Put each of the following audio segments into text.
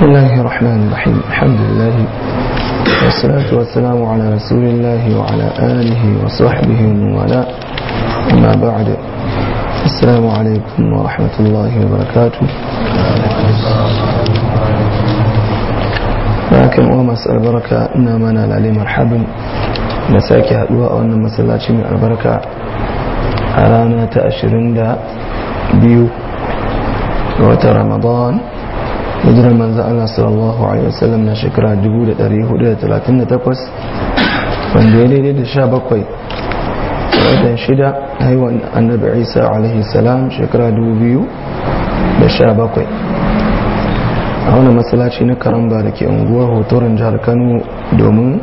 بسم الله الرحمن الرحيم الحمد لله والصلاة والسلام على رسول الله وعلى آله وصحبه ومن والاه أما بعد السلام عليكم ورحمة الله وبركاته لكن وما سأل إنما أنا لعلي مرحبا مساكي هدواء وأن مسلاتي من البركة على أنا تأشرين دا بيو وترمضان رمضان hijirar manzo Allah sallallahu alaihi wasallam na shekara 1438 wanda ya daidai da 17 watan shida haihuwan annabi Isa alaihi salam shekara 2017 a wani matsalaci na karamba da ke unguwar hotoron jihar Kano domin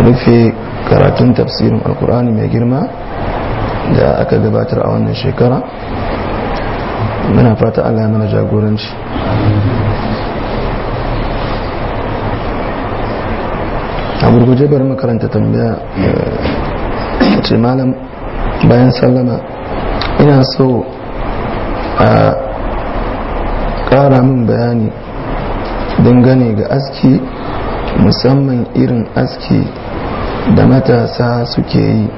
rufe karatun tafsirin alkur'ani mai girma da aka gabatar a wannan shekara muna fata Allah mana jagoranci a gurguje bari makaranta tambaya eh, ce malam bayan sallama ina so a kara min bayani dangane ga aski musamman irin aski da matasa suke yi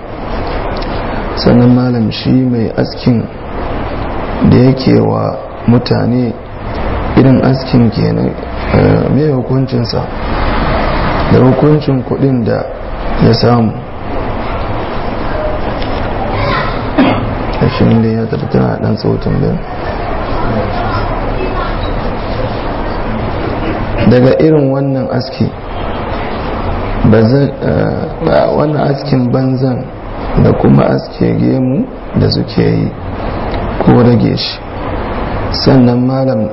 sannan malam shi mai askin da yake wa mutane irin askin kenan eh, mai hukuncinsa da hukuncin kudin da ya samu ashirin da ya tattana dan sautin da daga irin wannan aski eh, wannan askin banzan da kuma aske gemu da suke yi ko rage shi sannan malam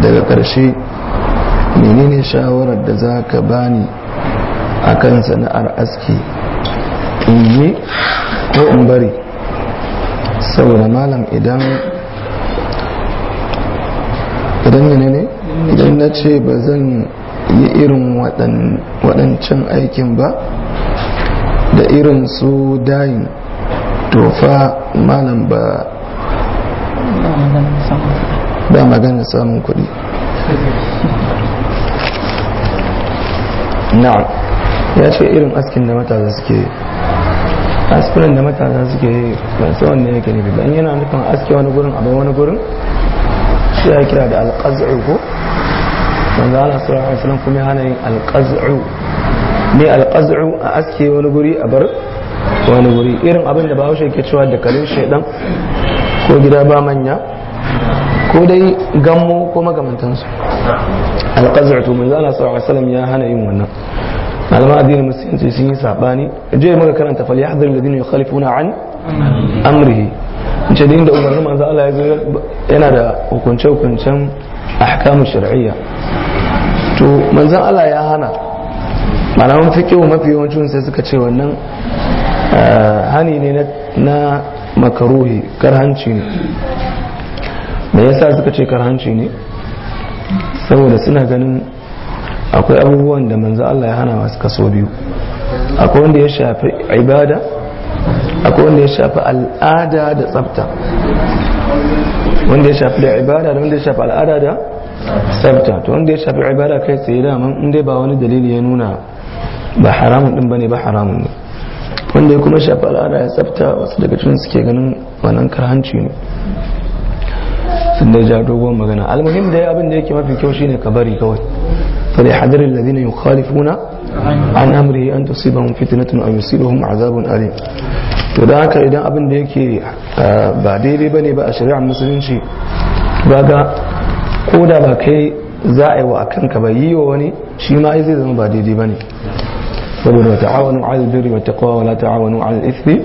daga ƙarshe menene shawarar da za ka bani a kan sana'ar aski in yi ko in bari saboda malam idan idan ne ne idan na ce ba zan yi irin waɗancan aikin ba da irin su dayin tofa malam ba ba magana samun kuɗi na ya ce irin askin da matasa suke askin da matasa suke yi ban tsawon da yake nufi don yana nufin aske wani gurin abin wani gurin shi ya kira da alƙaz'u ko wanda ana sura a islam kuma hana yin alƙaz'u ne alƙaz'u a aske wani guri a bar wani guri irin abin da bahaushe ke cewa da kalin shaidan ko gida ba manya ko dai gammo ko magamantansu alƙazar alƙazartu mun zana sallallahu alaihi wasallam ya hana yin wannan alama addinin musulunci sun yi sabani je muka karanta fal yahdhar alladhina yukhalifuna an amrihi ce da inda umarnin manzo Allah ya zo yana da hukunce hukuncen ahkamu shar'iyya to manzon Allah ya hana malaman fiqh mafi yawancin sai suka ce wannan eh, hani ne na makaruhi karhanci ne me yasa suka ce karhanci ne saboda suna ganin akwai abubuwan da manzo Allah ya hana masu kaso biyu akwai wanda ya shafi ibada akwai wanda ya shafi al'ada da tsafta wanda ya shafi da ibada da wanda ya shafi al'ada da tsafta to wanda ya shafi ibada kai tsaye daman in dai ba wani dalili ya nuna ba haramun din bane ba haramun ne wanda ya kuma shafa al'ada ya tsabta wasu daga cikin suke ganin wannan karhanci ne sun dai ja dogon magana almuhim da abin da yake mafi kyau shine ka bari kawai fali hadarin ladina yukhalifuna an amri an tusibahum fitnatun aw a azabun ari. to da haka idan abin da yake ah, ba daidai bane ba a shari'ar musulunci baga ko da ba kai za a yi wa akan ka ba yi wa wani shi ma ai zai zama ba daidai bane saboda wa ta'awanu alal birri wa taqwa wa la ta'awanu alal ithmi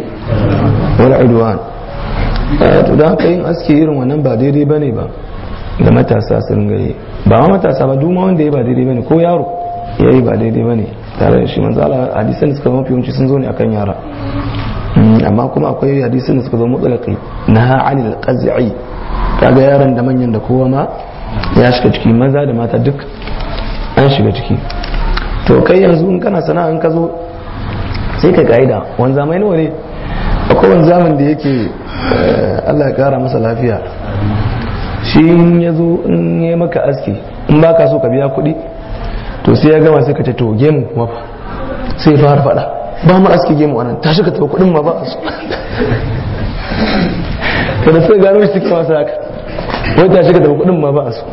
wal udwan to da haka yin aski irin wannan ba daidai bane ba da matasa sun ringa ba ma matasa ba duma wanda ya ba daidai ba ne ko yaro ya yi ba daidai ba ne tare da shi manzo Allah hadisan da suka mafi yawanci sun zo ne akan yara hmm, amma kuma akwai hadisan da suka zo mutlaqi na anil qaz'i kaga yaran da manyan da kowa ma ya shiga ciki maza da mata duk an shiga ciki to kai yanzu in kana sana'a in ka zo sai ka gaida wani zamai nawa ne akwai wani zaman da yake eh, Allah ya kara masa lafiya shi in ya zo in ya maka aski in ba ka so ka biya kuɗi to sai ya gama sai ka ce to gemu kuma fa sai fara faɗa ba mu aski gemu anan shi ka tafi kuɗin ma ba a so kada sai gano shi suke masa haka wai shi ka tafi kuɗin ma ba a so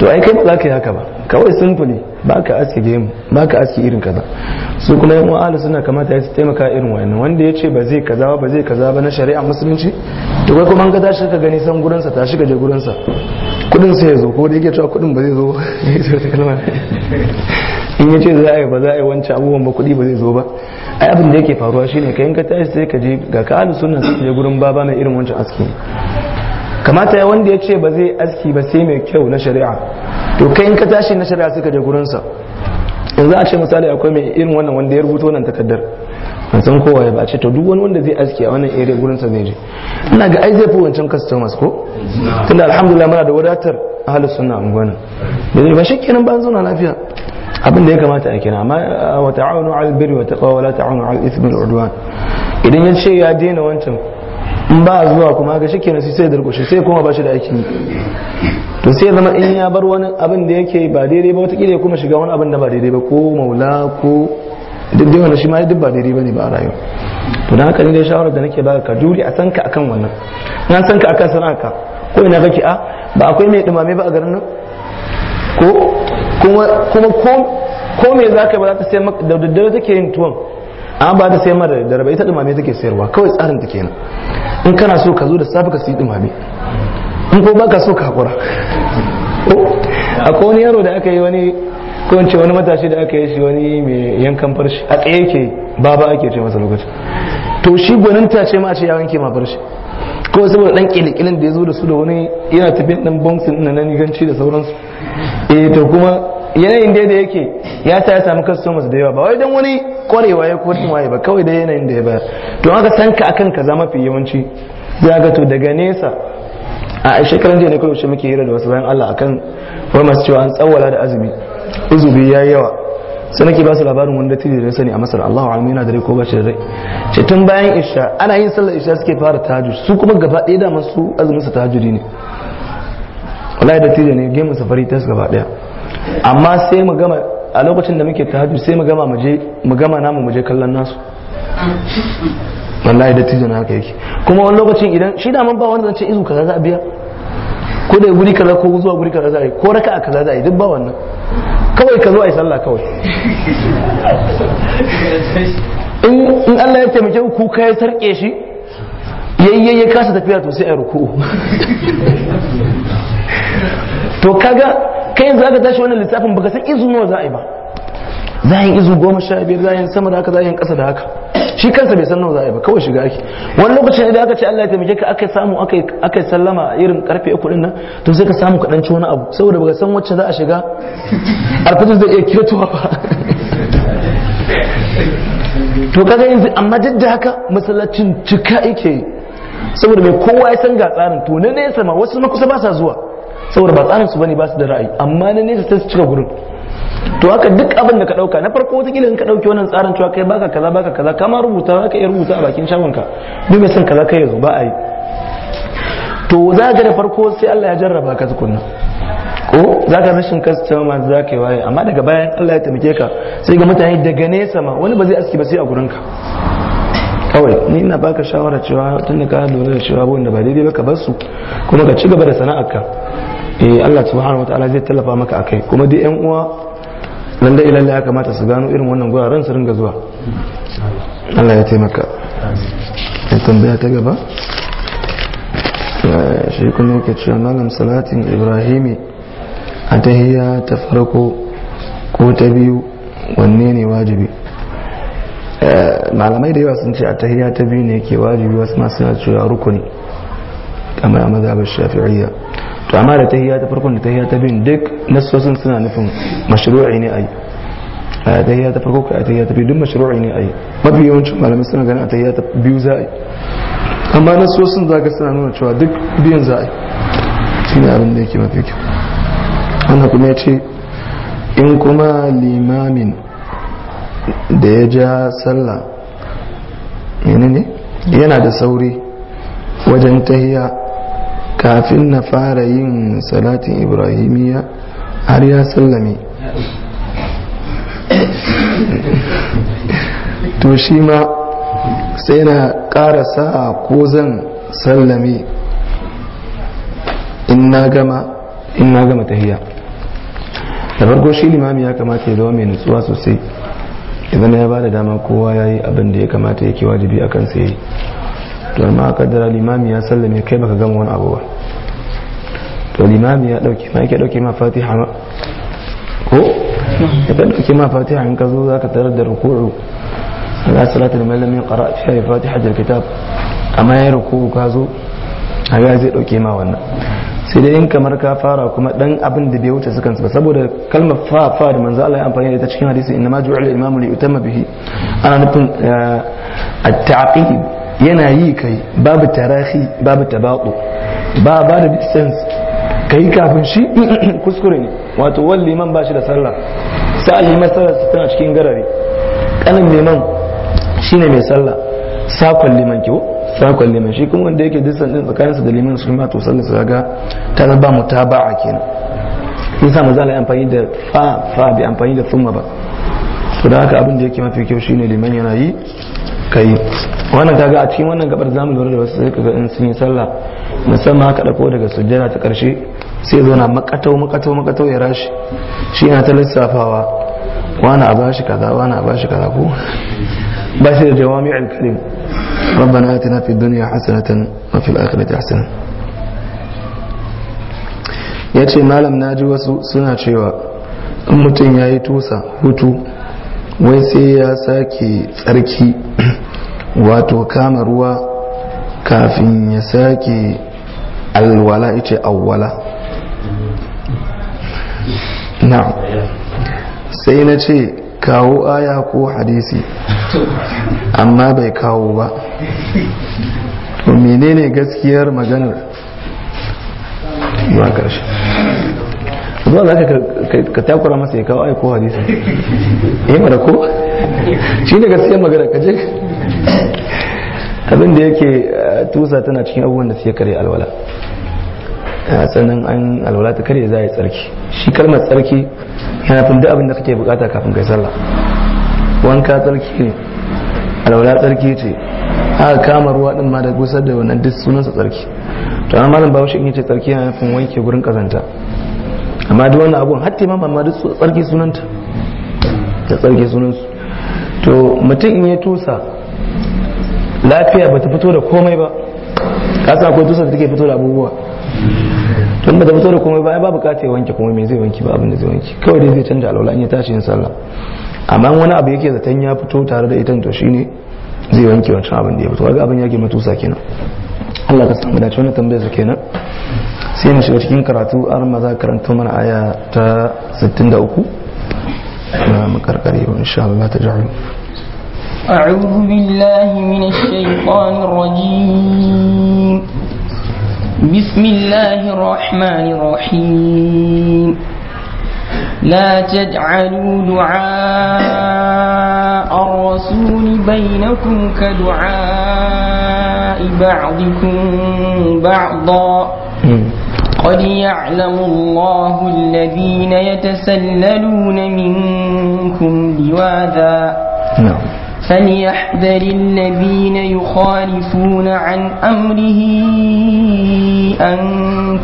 to ai kai ba za ka yi haka ba kawai simple ba ka aske game ba ka aske irin kaza su kuma yan wa'ala suna kamata ya taimaka irin wani wanda ya ce ba zai kaza ba zai kaza ba na shari'a musulunci to kai kuma ga tashi ka gani san gurinsa tashi ka je gurinsa kudin sai ya zo ko dai yake cewa kudin ba zai zo in ya ce za a yi ba za a yi wancan abubuwan ba kudi ba zai zo ba ai abin da yake faruwa shine ka yanka tashi sai ka je ga ka alu sunan sai je gurin baba mai irin wancan aski kamata ya wanda ya ce ba zai aski ba sai mai kyau na shari'a to kai in ka tashi na shari'a suka je gurinsa yanzu a ce misali akwai mai irin wannan wanda ya rubuta wannan takardar an san kowa ya bace to duk wani wanda zai aski a wannan area gurinsa zai je ina ga ai zai fi wancan customers ko tunda alhamdulillah muna da wadatar ahlus sunna unguwan da ba kenan ba zauna lafiya abin da ya kamata a kina amma wa ta'awunu al birri wa taqwa wa la ta'awunu al ismi wal 'udwan idan ya ce ya daina wancan in ba zuwa kuma ga shi kenan sai durkushe sai kuma ba shi da aikin to sai zama in ya bar wani abin da yake ba daidai ba watakila ya kuma shiga wani abin da ba daidai ba ko maula ko duk dai shi ma duk ba daidai bane ba a rayuwa to dan haka ni dai shawarar da nake baka ka juri a sanka akan wannan na sanka akan sana'arka ko ina kake a ba akwai mai dumame ba a garin nan ko kuma kuma ko ko me zaka ba za ta sai da daddare take yin tuwon an ba ta sai mara da rabai ta dumame take sayarwa kawai tsarin ta kenan in kana so ka zo da safi ka sai dumame in ko baka so ka hakura akwai wani yaro da aka yi wani ko wani matashi da aka yi shi wani mai yankan farshi a tsaye yake baba ake ce masa lokacin to shi gwanin ta ce ma ce ya wanke ma farshi ko saboda dan kilikilin da ya zo da su da wani yana tafiya dan bonsin na nan ganci da sauransu e to kuma yanayin da yake ya sa ya samu customers da yawa ba wai don wani kwarewa ya ko waye ba kawai da yanayin da ya bayar to haka san ka akan kaza mafi yawanci ya ga to daga nesa a shekaran jiya ne kawai muke hira da wasu bayan Allah akan wai masu cewa an tsawwala da azumi uzubi ya yawa sai ke ba su labarin wanda tilo da sani a masar allah wa alamin da rai ko ba shi rai ce tun bayan isha ana yin sallar isha suke fara tahajjud su kuma gaba ɗaya da masu azumin su tahajjudi ne wallahi da tilo ne game safari ta gaba ɗaya amma sai mu gama a lokacin da muke ta sai mu gama muje mu gama namu mu kallon nasu wallahi da tijo na haka yake kuma wani lokacin idan shi da man ba wanda zance izu kaza za a biya ko da guri kaza ko zuwa guri kaza za a yi ko raka a kaza za a yi duk ba wannan kawai ka zo a yi sallah kawai in Allah ya taimake ku ka ya sarke shi yayye ya kasa tafiya to sai a ruku to kaga kai yanzu aka tashi wannan littafin baka san izu nawa za a yi ba za a yi izu goma sha biyar za a yi sama da haka za a yi ƙasa da haka shi kansa bai san nawa za a yi ba kawai shiga ake wani lokacin idan aka ce Allah ya taimake ka aka samu aka sallama a irin karfe uku din nan to sai ka samu kaɗan ci wani abu saboda baka san wacce za a shiga alfajir zai iya kiratuwa ba to kaga yanzu amma duk da haka masallacin cika yake saboda mai kowa ya san ga tsarin to na nesa ma wasu na kusa ba sa zuwa saboda ba tsarin su bane ba su da ra'ayi amma na nesa ta su cika gurin to haka duk abin da ka dauka na farko wata in ka dauki wannan tsarin cewa kai baka kaza baka kaza kama rubuta ka iya rubuta a bakin shagon ka duk mai son kaza kai yanzu ba a yi to za ka da farko sai Allah ya jarraba ka tukunna ko za ka rashin ma za ka yi waye amma daga bayan Allah ya taimake ka sai ga mutane daga nesa ma wani ba zai aski ba sai a gurin ka kawai ni ina baka shawara cewa tun da ka lura da cewa abubuwan da ba daidai ba ka bar su kuma ka ci gaba da sana'ar ka eh Allah subhanahu wataala zai tallafa maka akai kuma duk yan uwa lalle ilalle ya kamata su gano irin wannan guraren su ringa zuwa Allah ya taimaka kun tambaya ta gaba eh, shi kuma yake cewa malam salatin ibrahimi a ta farko ko ta biyu wanne ne wajibi eh, malamai da yawa sun ce a tahiya ta biyu ne ke wajibi wasu masu cewa rukuni kamar a mazhabar shafi'iyya to amma da tahiya ta farkon da tahiya ta bin duk nasosin suna nufin mashru'i ne ai a tahiya ta farko a tahiya ta bin duk mashru'i ne ai mafi yawancin malamai suna ganin a tahiya ta biyu za'a. amma nasosin zaka suna nuna cewa duk biyan za'a. shine abin da yake mafi kyau wannan kuma ya ce in kuma limamin da ya ja sallah menene yana da sauri wajen tahiya kafin na fara yin salatin ibrahimiyya har ya sallame to shi ma sai na ƙara sa'a ko zan sallame in na gama tahiya da farko shi limami ya kamata ya zama mai nutsuwa sosai idan ya ba da dama kowa ya yi abin ya kamata ya ke wajibi a kansa ya yi to amma kaddara limami ya sallame kai baka gama wani abu to limami ya dauke ma yake dauke ma fatiha ma ko ya dauke ma fatiha in ka zo za ka tarar da ruku'u ala salatul malam ya qara fi fatihatul kitab amma ya ruku'u ka zo a ga zai dauke ma wannan sai dai in kamar ka fara kuma dan abin da bai wuce sukan ba saboda kalmar fa fa da manzo Allah ya amfani da ita cikin hadisi inna ma ju'ila imamu li yutamma bihi ana nufin eh, at-ta'qib yana yi kai babu tarahi babu tabaqu ba ba da distance kai kafin shi kuskure ne wato wal liman ba shi da sallah sai yi liman sallah tana cikin garare kanin liman shine mai sallah sakon liman kiwo sakon liman shi kuma wanda yake distance din tsakaninsa da liman su ma to sallah su ga ta ba mutaba'a kenan yasa sa zala amfani da fa fa bi amfani da thumma ba to da haka abin da yake mafi kyau shine liman yana yi kai wannan kaga a cikin wannan gabar zamu lura da wasu sai kaga in sun yi sallah musamman haka dako daga sujjada ta karshe sai zo na makatau makatau makatau ya rashi shi yana ta lissafawa wani a bashi kaza wani a bashi kaza ko ba shi da jawami'ul kalim rabbana atina fid dunya hasanatan wa fil akhirati hasanatan yace malam naji wasu suna cewa in mutum ya yi tusa hutu wai sai ya sake tsarki wato kama ruwa kafin ya sake alwala ita awwala na sai na ce kawo aya ko hadisi amma bai kawo ba to menene gaskiyar maganar ba ƙarshe zuwa za ka takura masa ya kawo aiko hadisi yi eh mana ko shi ne siya magana ka je abinda yake eh, tusa tana cikin abubuwan da suke karya alwala eh, sannan an alwala ta karya za a yi tsarki shi kalmar tsarki yana fi duk abinda kake bukata kafin kai sallah wanka tsarki ne alwala tsarki ce aka kama ruwa din ma da gusar da wannan duk sunansa tsarki to an malam bawo shi in yace tsarki yana fin wanke gurin kazanta amma duk wani abun hatta imam amma duk tsarki sunanta ta tsarki sunansu to mutum in ya tusa lafiya ba ta fito da komai ba kasa akwai tusa da take fito da abubuwa tun ba ta fito da komai ba ya ba bukata ya wanke komai mai zai wanki ba abin da zai wanki kawai dai zai canja alwala in ya tashi yin sallah amma wani abu yake zaton ya fito tare da ita to shine zai wanke wancan abin da ya fito kaga abin yake matusa kenan Allah ka samu da wannan tambayar su kenan sai mu shiga cikin karatu an ma za karanta mana aya ta 63 na makarkare wa insha Allah ta ja'alu أعوذ بالله من الشيطان الرجيم بسم الله الرحمن الرحيم لا تجعلوا دعاء الرسول بينكم كدعاء بعضكم بعضا قد يعلم الله الذين يتسللون منكم لواذا نعم. فليحذر الذين يخالفون عن أمره أن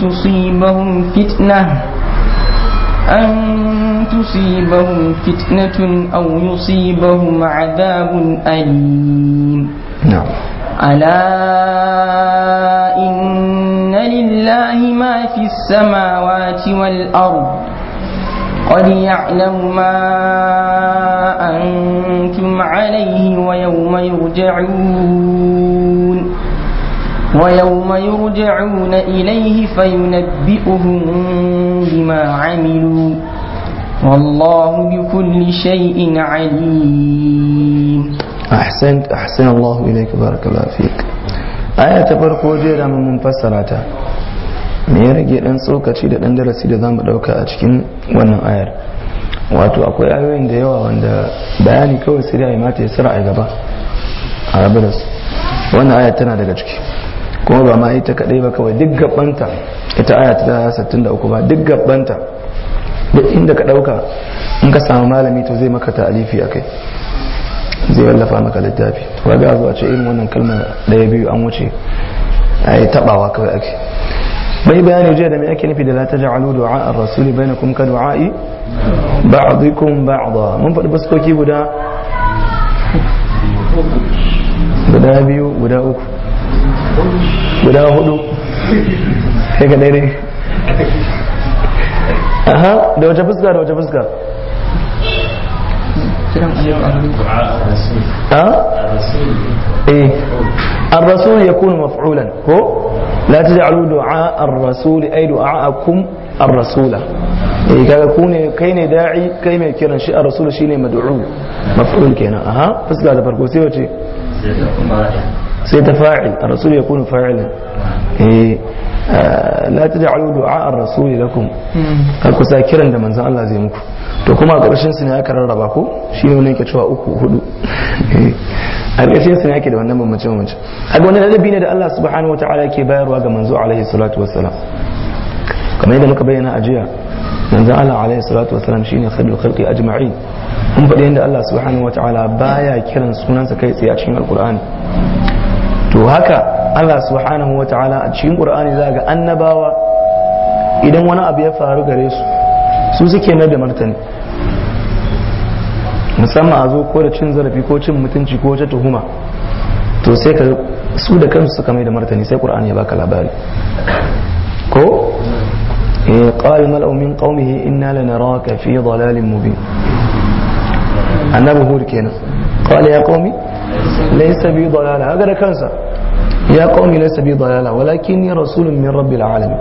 تصيبهم فتنة أن تصيبهم فتنة أو يصيبهم عذاب أليم نعم ألا إن لله ما في السماوات والأرض قد يعلم ما أنتم عليه ويوم يرجعون ويوم يرجعون إليه فينبئهم بما عملوا والله بكل شيء عليم أحسنت أحسن الله إليك بارك الله فيك آية تبارك وجيرا من منفسراتها me ya rage dan tsokaci da dan darasi da zamu dauka a cikin wannan ayar wato akwai ayoyin da yawa wanda bayani kawai sai da mata ya sira a gaba a rabu da su wannan ayar tana daga ciki kuma ba ma ita kadai ba kawai duk gabanta ita aya ta 63 ba duk gabbanta duk inda ka dauka in ka samu malami to zai maka ta'alifi akai zai wallafa maka littafi to ga zuwa ce irin wannan kalmar daya biyu an wuce ai tabawa kawai ake bai bayani jiya da me ake nufi da la taj'alu du'a ar-rasuli bainakum ka du'a'i ba'dikum ba'da mun faɗi baskoki guda guda biyu guda uku guda hudu sai ka daidai aha da wace fuska da wace fuska الرسول يكون مفعولا هو لا تجعلوا دعاء الرسول اي دعاءكم الرسول eh kaga ku ne kai ne da'i kai mai kiran shi ar shi ne mad'u maf'ul kenan aha fuska da farko sai wace sai ta fa'il ar-rasul yakunu fa'ilan Eh, eh, la tad'u du'a ar-rasul lakum hmm. kar ku sa kiran da manzon Allah zai muku to kuma a ƙarshen su ne aka rarraba ko shi ne wannan ke cewa uku hudu eh, a ƙarshen su ne ake da wannan bambance bambance a ga wannan ladabi ne da Allah subhanahu wataala yake bayarwa ga manzo alaihi salatu wassalam kamar yadda muka bayyana a jiya manzon Allah alaihi salatu wassalam shine khairul khalqi ajma'in mun faɗi yadda Allah subhanahu wataala baya kiran sunansa kai tsaye a cikin alqur'ani to haka Allah subhanahu wa ta'ala a cikin Qur'ani za ga annabawa idan wani abu ya faru gare su su suke mai da martani musamman a zo ko da cin zarafi ko cin mutunci ko ta tuhuma to sai ka su da kansu suka mai da martani sai Qur'ani ya baka labari ko قال ملأ من قومه إنا لنراك في ضلال مبين annabi hud kenan qala ya qaumi laysa bi dalala haka da kansa ya kawai laysa bi dalala ni rasulun min rabbil alamin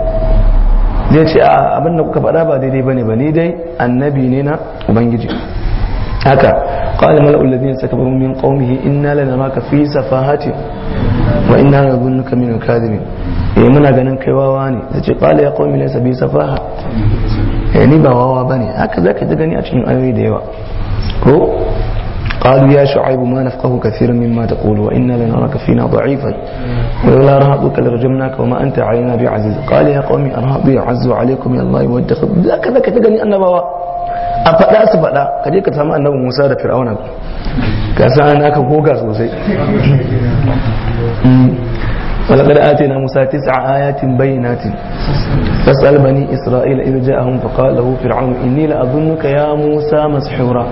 zai ce a abin da kuka faɗa ba daidai bane ba ni dai annabi ne na ubangiji haka qala mala'ul ladina sakabaru min qaumihi inna lanaraka fi safahati wa inna nadhunnuka min kadhibin eh muna ganin kai wawa ne ce qala ya qaumi laysa bi safaha eh ni ba wawa bane haka zaka ji gani a cikin ayoyi da yawa ko قالوا يا شعيب ما نفقه كثيرا مما تقول وإنا لنراك فينا ضعيفا ولولا رهبك لرجمناك وما أنت علينا بعزيز قال يا قومي أرهبي أعز عليكم يا الله واتخذ لا كذا كذا أن a faɗa su faɗa ka je ka samu annabi musa da fir'auna ka san an ولقد آتينا موسى تسع آيات بينات فاسأل بني إسرائيل إذ جاءهم فقال له فرعون إني لأظنك يا موسى مسحورا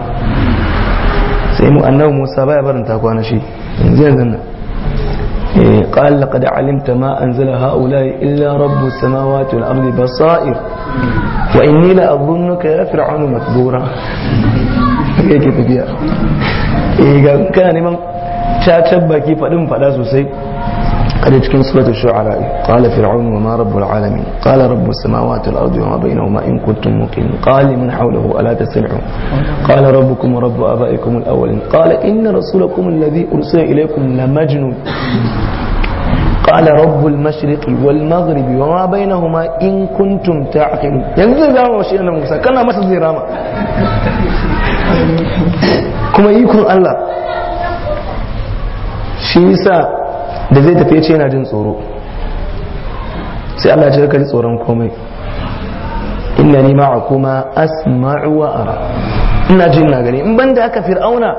sai mu'anau musa ba ya barin takuwa na shi in zainabna ƙaran eh, laka da calimta ma anzala haulaye illa rabbu sama watu al'amri ba sa'i fya in nila ya na firco na matbura ake ke tafiya eh, neman caca baki faɗi mu faɗa sosai. قريت كم سورة الشعراء قال فرعون وما رب العالمين قال رب السماوات والأرض وما بينهما إن كنتم مقيمين قال من حوله ألا تسمعوا قال ربكم ورب آبائكم الأولين قال إن رسولكم الذي أرسل إليكم لمجنون قال رب المشرق والمغرب وما بينهما إن كنتم تعقلون ينزل يعني ذا هو شيئا موسى كان ما سنزل كما يكون الله شيء da zai tafi ce yana jin tsoro sai Allah ce ka ji tsoron komai inna ni ma'a kuma asma'u wa ara ina jin na gani in banda aka fir'auna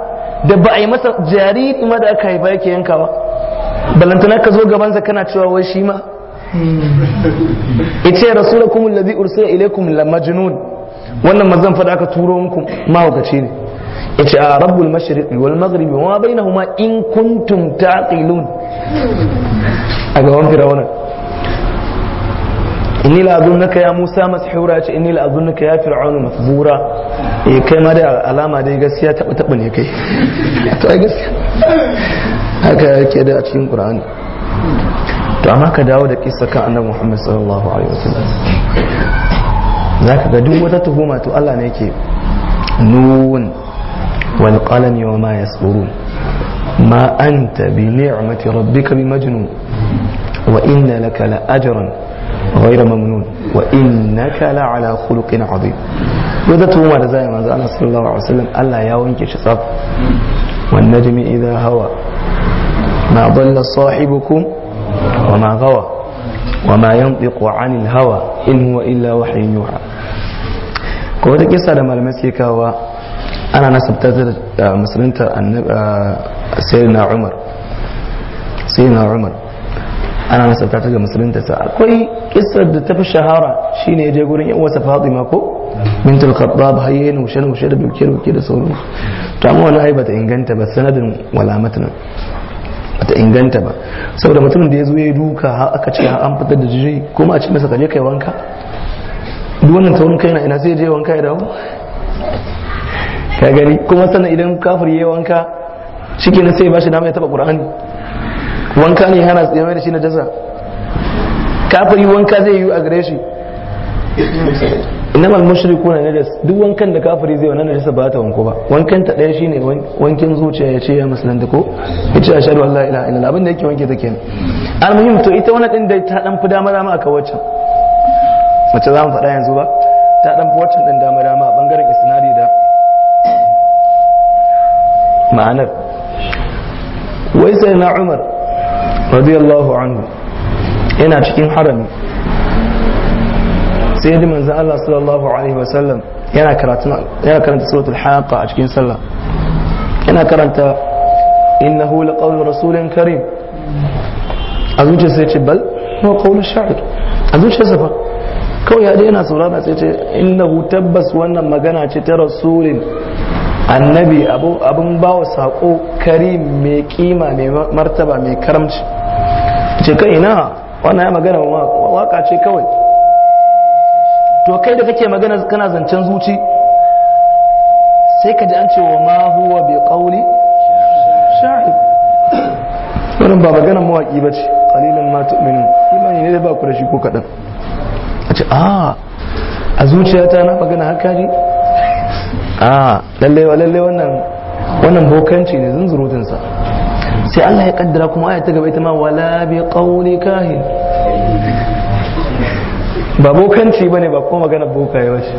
da ba a yi masa jari kuma da aka haifa yake ba balantana ka zo gabansa kana cewa wai shi ma yace rasulakum allazi ursila ilaykum la majnun wannan mazan fada aka turo muku mahaukaci ne yace a ah, rabbul mashriqi wal maghribi wa bainahuma in kuntum taqilun a gaban firawna inni la azunnaka ya musa mashura ce inni la azunnaka ya fir'aun mafzura eh kai ma da alama dai gaskiya taba taba ne kai to ai gaskiya haka yake da a cikin qur'ani to amma ka dawo da kissa kan annabi muhammad sallallahu alaihi wasallam zaka ga duk wata tuhuma to Allah ne yake nun والقلم وما يسطرون ما أنت بنعمة ربك بمجنون وإن لك لأجرا غير ممنون وإنك لعلى خلق عظيم يدت ما رزايا ما زال صلى الله عليه وسلم ألا يا يوم كشف والنجم إذا هوى ما ضل صاحبكم وما غوى وما ينطق عن الهوى إن هو إلا وحي يوحى كودك يسأل ما المسيكا ana nasabta da musulunta sayyidina umar sayyidina umar ana nasabta ta ga musulunta sa akwai kissar da ta fi shahara shine je gurin yan wasa fatima ko bintul khattab hayye ne mushe mushe da buke buke da sauran to amma wani ai bata inganta ba sanadin wala matan bata inganta ba saboda mutumin da ya zo ya duka aka ce an fitar da jiji kuma a ce masa kaje kai wanka duk wannan taurin kai na ina sai je wanka ya dawo ka gani kuma sannan idan kafir yayi wanka shike na sai ba shi dama ya taba qur'ani wanka ne hana tsaye mai da shi na jaza kafir yi wanka zai yi a gare shi innamal na najas duk wankan da kafiri zai wannan najasa ba ta wanko ba wankan ta daya shine wankin zuciya ya ce ya musulunta ko ya ce ashhadu an la ilaha illallah abinda yake wanke ta kenan almuhim to ita wannan din da ta dan fi dama dama aka wacce mace za mu faɗa yanzu ba ta dan fi wacce din dama dama a bangaren isnadi da ma'anar wai sai na umar radiyallahu anhu yana cikin harami sai da manzan Allah sallallahu alaihi wasallam yana karanta suratul haqa a cikin sallah yana karanta innahu laqawlu rasulin karim a zuciyarsa ya ce bal huwa qawlu sha'ir a zuciyarsa fa kawai ya je yana saurara sai ce innahu tabbas wannan magana ce ta rasulin annabi abin bawa sako kari mai kima mai martaba mai karamci ce kai ina wannan ya magana waka ce kawai to kai da kake magana kana zancen zuci sai ka ji an cewa ma huwa bai qawli sha'ir wani ba magana ba bace ƙalilin matu min imani ne da ba ku da shi ko kaɗan. a ce a ah, a zuciyata na magana haka ne a lalle lalle wannan wannan bokanci ne zunzurutun sa sai Allah ya kaddara kuma aya ta gaba ita ma wala bi qawli kahin ba bokanci bane ba kuma magana bokaye ba shi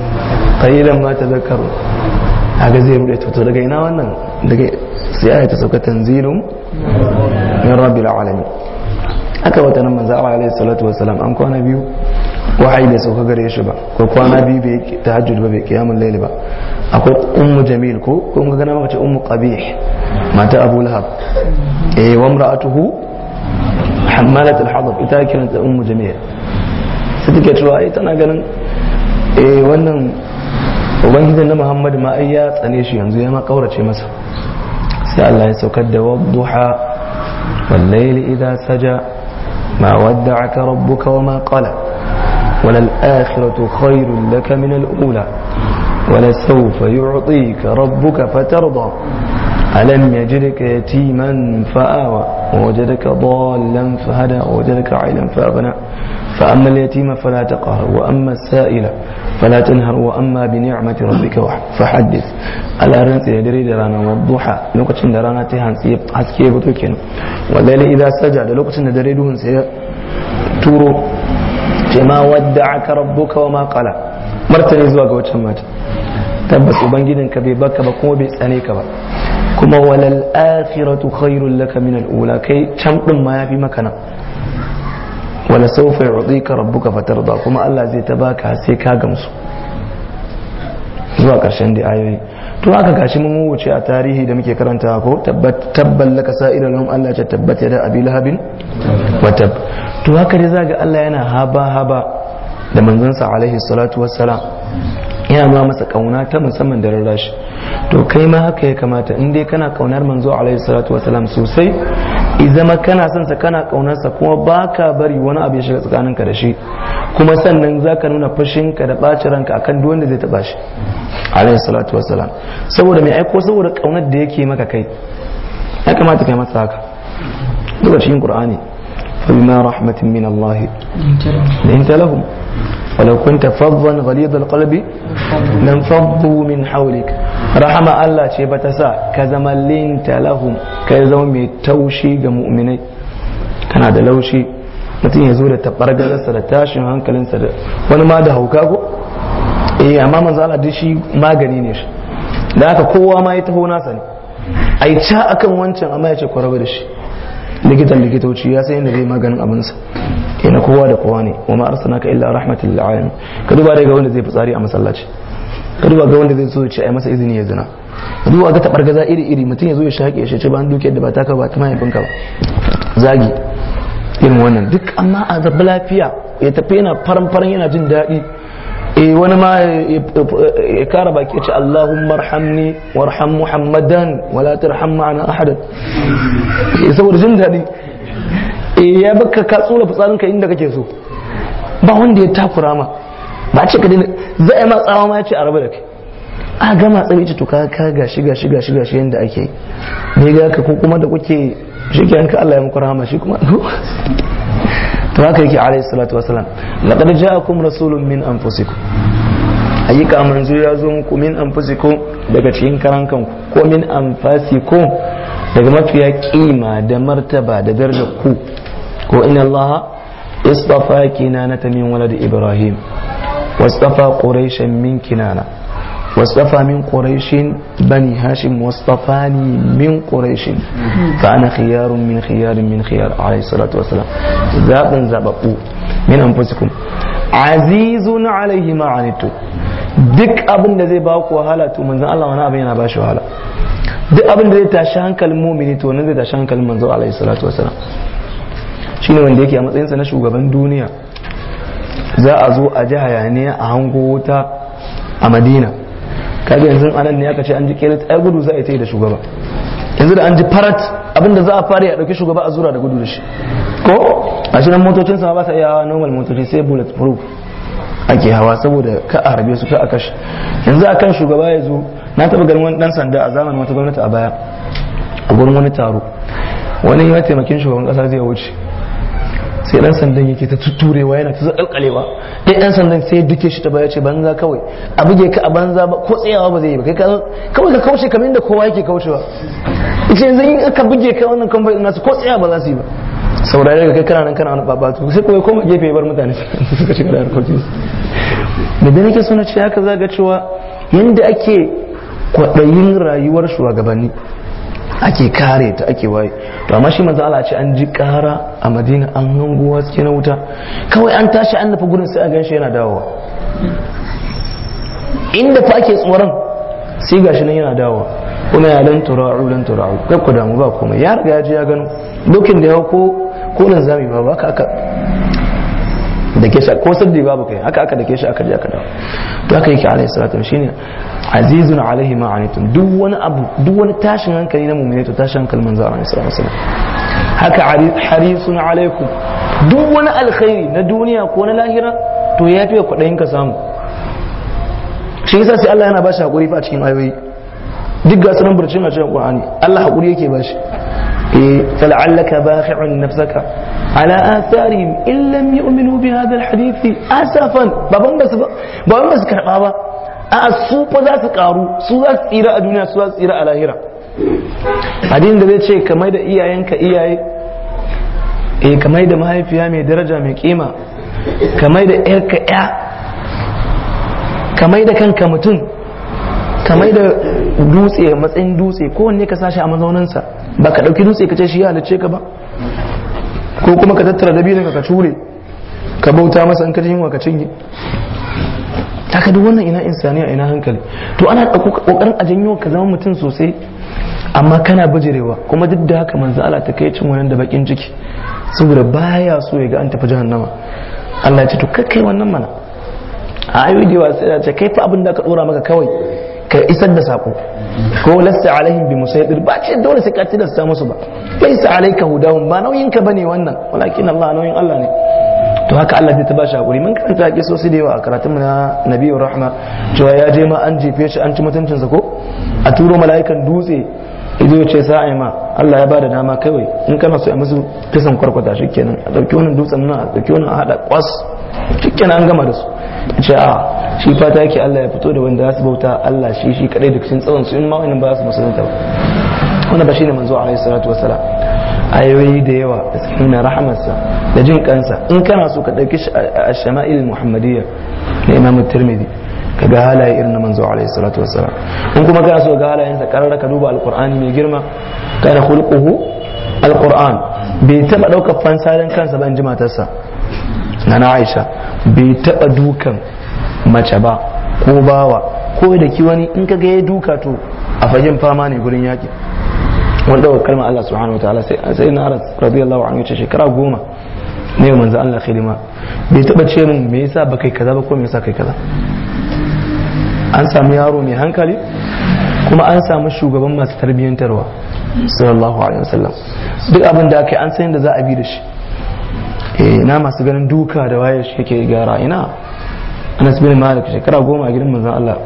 qalilan ma tadhakkaru aga zai bude to daga ina wannan daga sai aya ta sauka tanzilum min rabbil alamin aka wata nan manzo Allah alaihi salatu wassalam an kwana biyu wahayi da sauka gare shi ba ko kwana biyu bai tahajjud ba bai kiyamul layl ba akwai ummu jamil ko kun ga maka ce ummu qabih mata abu lahab eh wa imra'atuhu hammalat al-hadab ita kiranta ummu jamil sai take cewa ai tana ganin eh wannan ubangijin na muhammad ma ai ya tsane shi yanzu ya ma kaurace masa sai Allah ya saukar da wadduha wal layli idha saja ma wadda'aka rabbuka wa ma qala وللآخرة خير لك من الأولى ولسوف يعطيك ربك فترضى ألم يجدك يتيما فآوى ووجدك ضالا فهدى ووجدك عيلا فأغنى فأما اليتيم فلا تقهر وأما السائل فلا تنهر وأما بنعمة ربك فحدث ألا رنسي يدري درانا والضحى لوكتشن درانا تهان حسكي بطوكين إذا سجد دريدهم سيب تورو ce ma wadda aka rabu wa ma martani zuwa ga waccan mata tabbas ubangijin ka bai baka ba kuma bai tsane ka ba kuma walal akhiratu khairul laka min al ula kai can din ma yafi maka nan wala sawfa yu'tika rabbuka fatarda kuma Allah zai ta baka sai ka gamsu zuwa karshen da ayoyi to aka gashi mun wuce a tarihi da muke karanta ko tabban laka sa'ira lahum Allah ya tabbata da abi lahabin wa tab to haka dai zaga Allah yana haba haba da sa alaihi salatu wassalam yana nuna masa kauna ta musamman da rarrashi to kai ma haka ya kamata in dai kana kaunar manzo alaihi salatu wassalam sosai izama kana son sa kana kaunar sa kuma baka bari wani abu ya shiga tsakaninka da shi kuma sannan za ka nuna fashinka da ɓacin ranka akan duk wanda zai taɓa shi alaihi salatu wassalam saboda mai aiko saboda ƙaunar da yake maka kai ya kamata kai masa haka duka cikin qur'ani فبما رحمة من الله لنت لهم ولو كنت فظا غليظ القلب لانفضوا من حولك رحم allah ce bata sa ka zama linta ka kai zama mai taushi ga mu'minai kana da laushi mutum ya zo da tabargazarsa da tashin hankalinsa da wani ma da hauka ko eh amma manzo Allah duk shi magani ne shi da haka kowa ma ya taho nasa ne ai ca akan wancan amma ya ce rabu da shi likitan likitoci ya san yadda zai maganin abin sa. na kowa da kowa ne wa ma arsalnaka illa rahmatal lil alamin ka duba dai ga wanda zai fitsari a masallaci ka duba ga wanda zai so ce ai masa izini ya zina duba ga gaza iri iri mutum ya zo ya shaƙe shi ce ba an duke da ba ta ka ba ta mahaifinka ba zagi irin wannan duk amma a zabi lafiya ya tafi yana faran faran yana jin daɗi e wani ma ya kara baki ce Allahumma marhamni warham Muhammadan wala tarham ma'ana ya eh, saboda jin daɗi eh, ya baka ka tsura fitsarin ka inda kake so ba wanda ya takura ma ba ce ka daina za a ma tsawa ma ya ce a rabu da kai a gama tsari ce to ka gashi gashi gashi gashi yadda ake yi ne ga ka ko kuma da kuke shi ke yanka Allah ya muku rahama shi kuma to haka yake alayhi salatu wasalam laqad ja'akum rasulun min anfusikum ayyuka manzo ya zo muku min anfusikum daga cikin karan kanku ko min anfasikum daga mafiya kima da martaba da darajar ku ko inna Allah istafa kinanata min walad ibrahim wastafa quraishan min kinana واصطفى من قريش بني هاشم واصطفاني من قريش فأنا خيار من خيار من خيار عليه الصلاة والسلام زابا زابا من أنفسكم عزيز عليه ما عنتم duk abin da zai ba ku wahala to manzon Allah wani abin yana ba shi wahala duk abin da zai tashi hankalin mumini to wannan zai tashi hankalin manzon Allah salatu wasalam shine wanda yake a matsayinsa na shugaban duniya za a zo a ji hayaniya a hango wuta a Madina kaga yanzu anan ne aka ce an ji kelet ai gudu za a yi da shugaba yanzu da an ji farat abinda za a fara ya dauki shugaba a zura da gudu da shi ko a shi motocin sama ba sa iya hawa normal motoci sai bullet proof ake hawa saboda ka a harbe su ka a kashe yanzu akan shugaba ya zo na taba garin wani dan sanda a zamanin wata gwamnati a baya a gurin wani taro wani ya taimakin shugaban kasa zai wuce sai dan sandan yake ta tuturewa yana ta zakalkalewa dai dan sandan sai duke shi ta baya ce banza kawai a buge ka a banza ba ko tsayawa ba zai yi ba kai kawai ka kaushe kamar inda kowa yake kaushewa ce zan yi aka buge ka wannan kamfani nasu ko tsaya ba za su yi ba saurare ga kai kana nan kana wani babatu sai kuma koma gefe bar mutane suka shiga da harkokin da da nake suna ce haka zaga cewa yanda ake kwaɗayin rayuwar shugabanni ake kare ta ake waye to amma shi manzo Allah ce an ji kara a Madina an hango haske na wuta kawai an tashi an nufa gurin sai a ganshi yana dawowa inda fa ake tsoron sai gashi nan yana dawowa kuma ya dan tura'u dan tura'u kai ku damu ba komai ya riga ya ya gano dokin da ya ko ko nan zami ba ba ka aka da ke shi ko sabbi babu kai haka aka da ke shi aka jaka aka dawo to haka yake alaihi salatu shine azizun alaihi ma anitum duk wani abu duk wani tashin hankali na mu'mini to tashin hankali manzo alaihi salatu wasallam haka harisun alaikum duk wani alkhairi na duniya ko na lahira to ya fi kwaɗayin ka samu shi yasa sai Allah yana ba shi hakuri fa a cikin ayoyi duk ga sunan burcin a cikin Qur'ani Allah hakuri yake ba shi فلعلك باخع نفسك على آثارهم إن لم يؤمنوا بهذا الحديث أسفا بابا بس بابا بس كربا a su fa za su karu su za tsira a duniya su za tsira a lahira addinin da zai ce kamar da iyayenka iyaye eh da mahaifiya mai daraja mai kima kamar da yarka ya kamar da kanka mutum kamai da dutse matsayin dutse kowanne ka sashi a ba ka ɗauki dutse ka ce shi ya halicce ka ba ko kuma ka tattara dabinin ka cure ka bauta masa in ka ji ka cinye ta ka wannan ina a ina hankali to ana ƙoƙarin a janyo ka zama mutum sosai amma kana bajirewa kuma duk da haka manzo Allah ta kai cin wannan da bakin ciki saboda baya so ya ga an tafi jahannama Allah ce to kai wannan mana a ayoyi da yawa sai ya ce kai fa abin da ka dora maka kawai ka isar da sako ko lasa alaihim bi musaydir ba ce dole sai ka tilasta musu ba laysa alayka hudahum ba nauyin ka bane wannan walakin Allah nauyin Allah ne to haka Allah zai ta bashi hakuri mun karanta ki sosai da yawa a karatun mu na nabiyur rahma cewa ya je ma an jefe shi an ci mutuncin sa ko a turo mala'ikan dutse ido ce sa'a ma Allah ya bada dama kawai in kana so a musu kisan kwarkwata shikenan a dauki wannan dutsen nan a dauki wannan a hada kwas shikenan an gama da su ce a shi fata yake Allah ya fito da wanda za su bauta Allah shi shi kadai da cikin tsawon su in ma wannan ba su musulunta ba wanda ba ne manzo alaihi salatu wasalam ayoyi da yawa da suke nuna rahamarsa da jin kansa in kana so ka dauki a shamail muhammadiyya na Imam Tirmidhi ka ga halaye irin na manzo alaihi salatu wasalam in kuma kana so ga sa karara ka duba alqur'ani mai girma kana khulquhu alqur'an bai taba daukar fansa kansa ba in ji matarsa nana aisha bai taba dukan mace ba ko bawa ko da ki wani in ka ya duka to a fagen fama ne gurin yaƙi wani ɗaukar kalmar Allah subhanahu ta'ala sai na rabi radiyallahu anhu ce shekara goma ne manzo Allah khidima bai taba ce min me yasa ba kai kaza ba ko me yasa kai kaza an samu yaro mai hankali kuma an samu shugaban masu tarbiyyantarwa sallallahu alaihi wasallam duk abin da aka yi an san yadda za a bi da shi Eh, na masu ganin duka da waye shi yake gyara ina anas bin malik shekara goma a gidan manzon Allah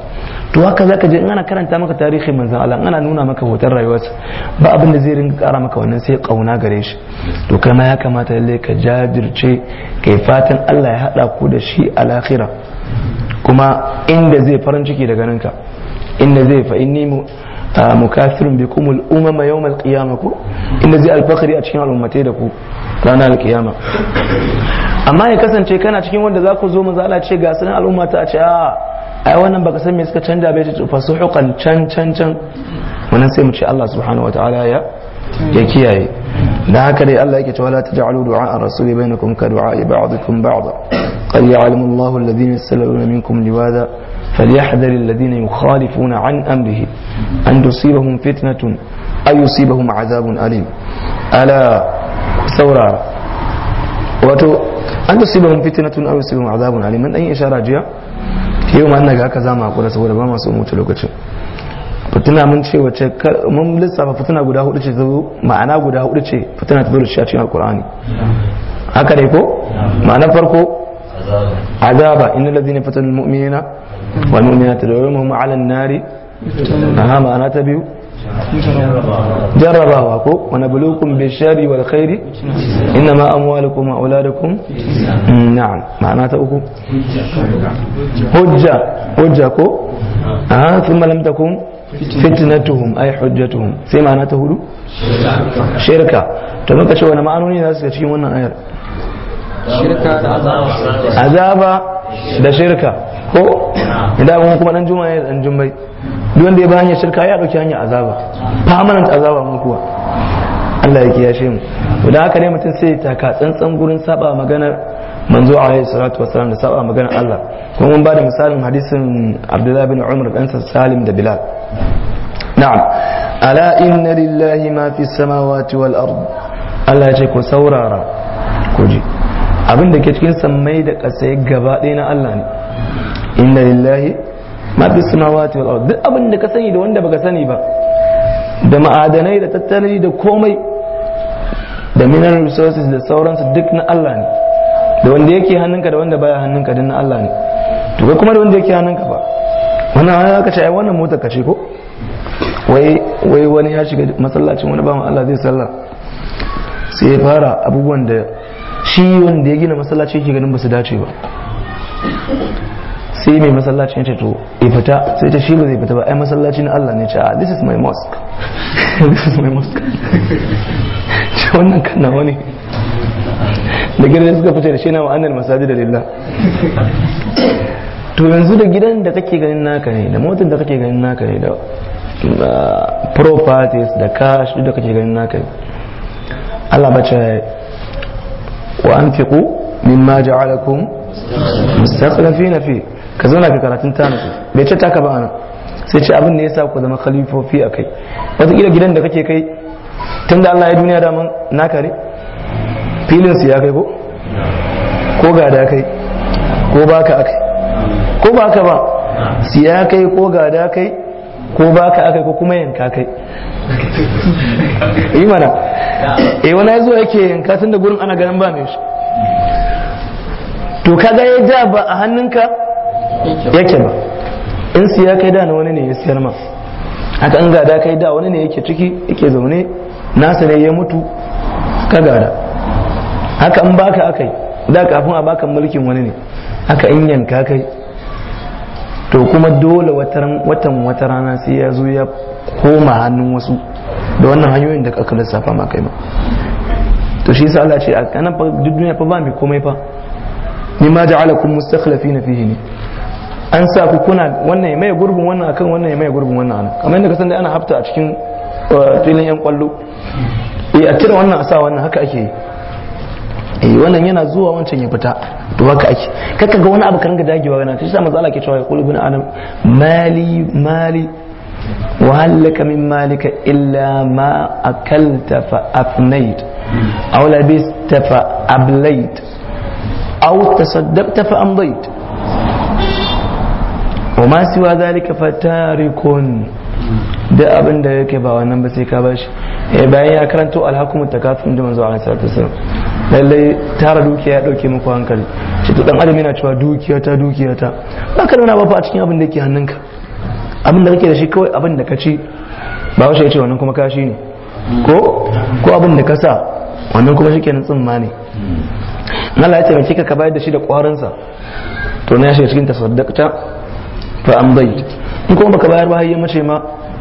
to haka zaka je in ana karanta maka tarihin manzon Allah ana nuna maka hoton rayuwarsa ba abin da zai ringa kara maka wannan sai kauna gare shi to kai ma ya kamata lalle ka jajirce kai fatan Allah ya hada ku da shi a lahira kuma inda zai farin ciki daga ninka inda zai fa inni mukathirun bikum al-umama yawm al-qiyamah ko inda zai alfakari a cikin al'ummatai da ku ranar al amma ya kasance kana cikin wanda za ku zo mu Allah ce ga sanin al'umma ta ce a ai wannan baka san me suka canja bai ta fasuhuqan can can can wannan sai mu ce Allah subhanahu wataala ya ya kiyaye da haka dai Allah yake cewa la taj'alu du'a ar-rasuli bainakum ka du'a ba'dikum ba'd qad ya'lamu Allahu alladhina yasaluna minkum liwada فليحذر الذين يخالفون عن أمره أن تصيبهم فتنة أو يصيبهم عذاب أليم ألا سورة وتو أن تصيبهم فتنة aw يصيبهم عذاب أليم من أي إشارة جاء يوم yau ma annaga أقول سورة ما saboda ba fitina mun ce wace mun lissafa fitina guda hudu ce zo ma'ana guda hudu ce fitina ta zo shi a cikin alqur'ani haka ne ko ma'anar farko azaba innal ladina fatanul mu'minina والمؤمنات العلومهم على النار أهم أنا تبيو جر الله أكو ونبلوكم بالشر والخير إنما أموالكم وأولادكم نعم معنا تأكو حجة حجة كو آه. ثم لم تكن فتنتهم أي حجتهم في معنا تهدو شركة تنوك شو أنا ما ناس كتشي مونا أير شركة عذاب عذاب ده شركة ko idan mun kuma dan juma'a ya dan jumbai duk wanda ya bani shirka ya dauki hanya azaba permanent azaba mun kuwa Allah ya kiyashe mu idan haka ne mutum sai ta ka tsantsan gurin saba maganar manzo alaihi salatu wasallam da saba maganar Allah kuma mun bada misalin hadisin Abdullah bin Umar dan Salim da Bilal na'am ala inna lillahi ma fi samawati wal ard Allah ya ce ku saurara ku ji abin da ke cikin sammai da ƙasai gaba ɗaya na Allah ne inna lillahi ma fi samawati wal ard duk abin da ka sani da wanda baka sani ba da ma'adanai da tattali da komai da mineral resources da sauransu duk na Allah ne da wanda yake hannunka da wanda baya hannunka duk na Allah ne to kai kuma da wanda yake hannunka ba wannan ana ka ce ai wannan mota ka ce ko wai wai wani ya shiga masallacin wani bawan Allah zai sallah sai ya fara abubuwan da shi wanda ya gina masallaci yake ganin ba su dace ba sai mai masallacin ce to ya eh, fita sai ta shi ba zai fita ba ai masallaci na Allah ne ce ah this is my mosque this is my mosque ce wannan kan nawa ne da gidan suka fita da shi na ma'anar masajid da lillah to yanzu da gidan da kake ganin naka ne da motar da kake ganin naka ne da properties da cash duk da kake ganin naka ne Allah ba ce wa anfiqu mimma ja'alakum fi ka zauna ka karatun ta nutsu bai ce taka ba ana sai ce abin da ya sa ku zama khalifofi a kai wataƙila gidan da kake kai tun da Allah ya duniya daman na kare filin su ya kai ko ko da kai ko baka akai ko baka ba su ya kai ko gada kai ko baka akai ko kuma yanka kai yi mana eh wani ya zo yake yanka tun da gurin ana ganin ba mai shi to kaga ya ja ba a hannunka yake ma in siya kai da wani ne ya siyar ma haka an gada kai da wani ne yake ciki yake zaune nasa ne ya mutu ka gada haka in baka akai da kafin a baka mulkin wani ne haka in yanka kai to kuma dole watan wata rana sai ya zo ya koma hannun wasu da wannan hanyoyin da aka lissafa ma kai ma to shi yasa Allah ce a kanan duk duniya fa ba mai komai fa ni ma ja'alakum mustakhlifina fihi ne an sa ku kuna wannan ya mai gurbin wannan akan wannan ya mai gurbin wannan an? kamar yadda ka san da ana hafta a cikin uh, filin yan kwallo eh a cire wannan a sa wannan haka ake yi eh wannan yana zuwa wancan ya fita to haka ake kaka ga wani abu ka ga dagewa yana shi sa manzo Allah ke cewa qul ibn adam mali mali wa halaka min malika illa ma akalta fa afnait aw labista fa ablait aw tasaddaqta fa amdait wa ma siwa zalika fatarikun duk abin da yake ba wannan ba sai ka bashi eh bayan ya karanto alhakum takatsun da manzo Allah sallallahu alaihi wasallam lalle tara dukiya ya dauke muku hankali shi to dan adam yana cewa dukiya ta dukiya ta ba ka nuna ba fa a cikin abin da yake hannunka abin da kake da shi kawai abin da ka ci ba wace ya ce wannan kuma kashi ne ko ko abin da ka sa wannan kuma shi kenan tsimma ne Allah ya mai kika ka bayar da shi da sa to na shi shiga cikin tasaddaqta fa bai in kuma baka bayar ba har ya mace ma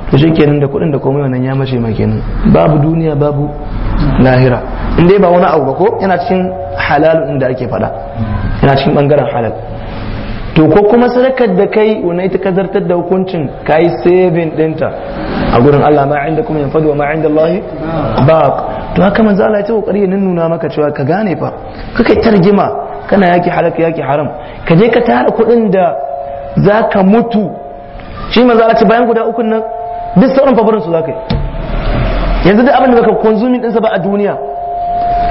to shi kenan da kuɗin da komai wannan ya mace ma kenan babu duniya babu lahira in dai ba wani abu ba ko yana cikin halal inda ake faɗa yana cikin bangaren halal to ko kuma sadakar da kai wani ita ka zartar da hukuncin ka yi saving dinta a gurin Allah ma inda kuma yin fadwa ma inda Allah ba to haka manzo Allah ya ce kokari ya nuna maka cewa ka gane fa kaka targima kana yaki halaka yaki haram ka je ka tara kuɗin da za ka mutu shi za a ce bayan guda ukun nan duk sauran fabarin su za ka yi yanzu duk abin da baka consuming ɗinsa ba a duniya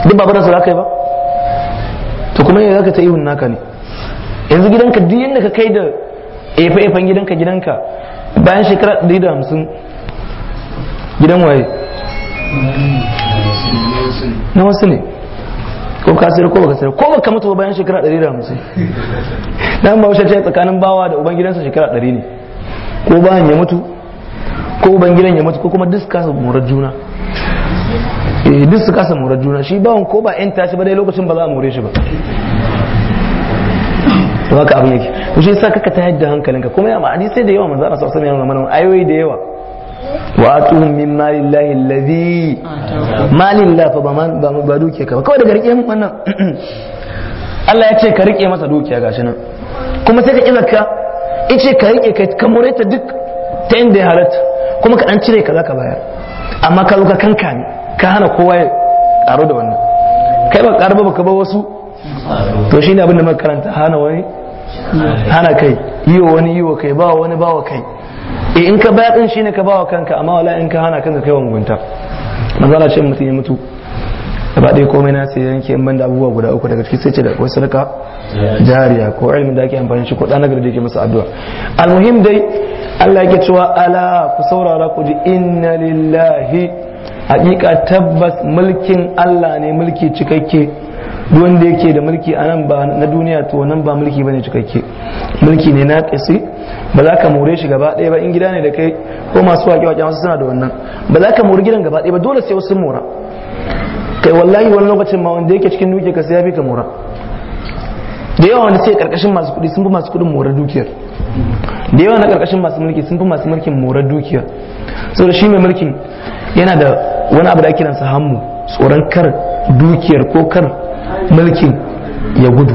duk babaran su za ka yi ba to kuma yanzu za ka ta ihun naka ne yanzu gidanka duk yadda ka kai da efe-efen gidanka gidanka bayan shekara da hamsin gidan waye na wasu ne ko ka sayar ko baka sayar ko baka mutu bayan shekara 150 dan ba ce tsakanin bawa da uban gidansa shekara 100 ne ko bayan ya mutu ko uban gidan ya mutu ko kuma duk kasa morar juna eh duk su samu morar juna shi bawon ko ba yan tashi ba dai lokacin ba za a more shi ba to haka abin yake to shi yasa kaka ta yadda hankalinka kuma ya ma hadisi da yawa manzo Allah sallallahu alaihi wasallam ayoyi da yawa wa atuhum min malillahi alladhi malillah fa ba ba duke ka kawai daga rike wannan Allah ya ce ka rike masa dukiya gashi nan kuma sai ka ki zakka yace ka rike ka ka mureta duk ta inda ya halatta kuma ka dan cire ka zaka bayar amma ka zo ka kanka ne ka hana kowa ya karo da wannan kai ba karba baka ba wasu to shine abin da muka karanta hana wani hana kai yiwo wani yiwo kai ba wani ba wa kai e in ka bayar din shine ka bawa kanka amma wala in ka hana kanka kaiwa mugunta manzala ce mutum ya mutu gaba ɗaya komai na sai yanke in banda abubuwa guda uku daga ciki sai ce da ko sarka jariya ko ilmin da ake amfani shi ko ɗan nagari da yake masa addu'a almuhim dai Allah yake cewa ala ku saurara ku ji inna lillahi haƙiƙa tabbas mulkin Allah ne mulki cikakke duk wanda yake da mulki a nan ba na duniya to nan ba mulki bane cikakke mulki ne na kasi ba za ka more shi gaba ɗaya ba in gida ne da kai ko masu waƙe waƙe masu suna da wannan ba za ka more gidan gaba ɗaya ba dole sai wasu mora kai wallahi wani lokacin ma wanda yake cikin duke kasi ya fi ka mora da yawa wanda sai karkashin masu kuɗi sun fi masu kuɗin mora dukiyar da yawa na karkashin masu mulki sun fi masu mulkin mora dukiyar saboda shi mai mulkin yana da wani abu da ake kiransa hammu tsoron kar dukiyar ko kar mulkin ya gudu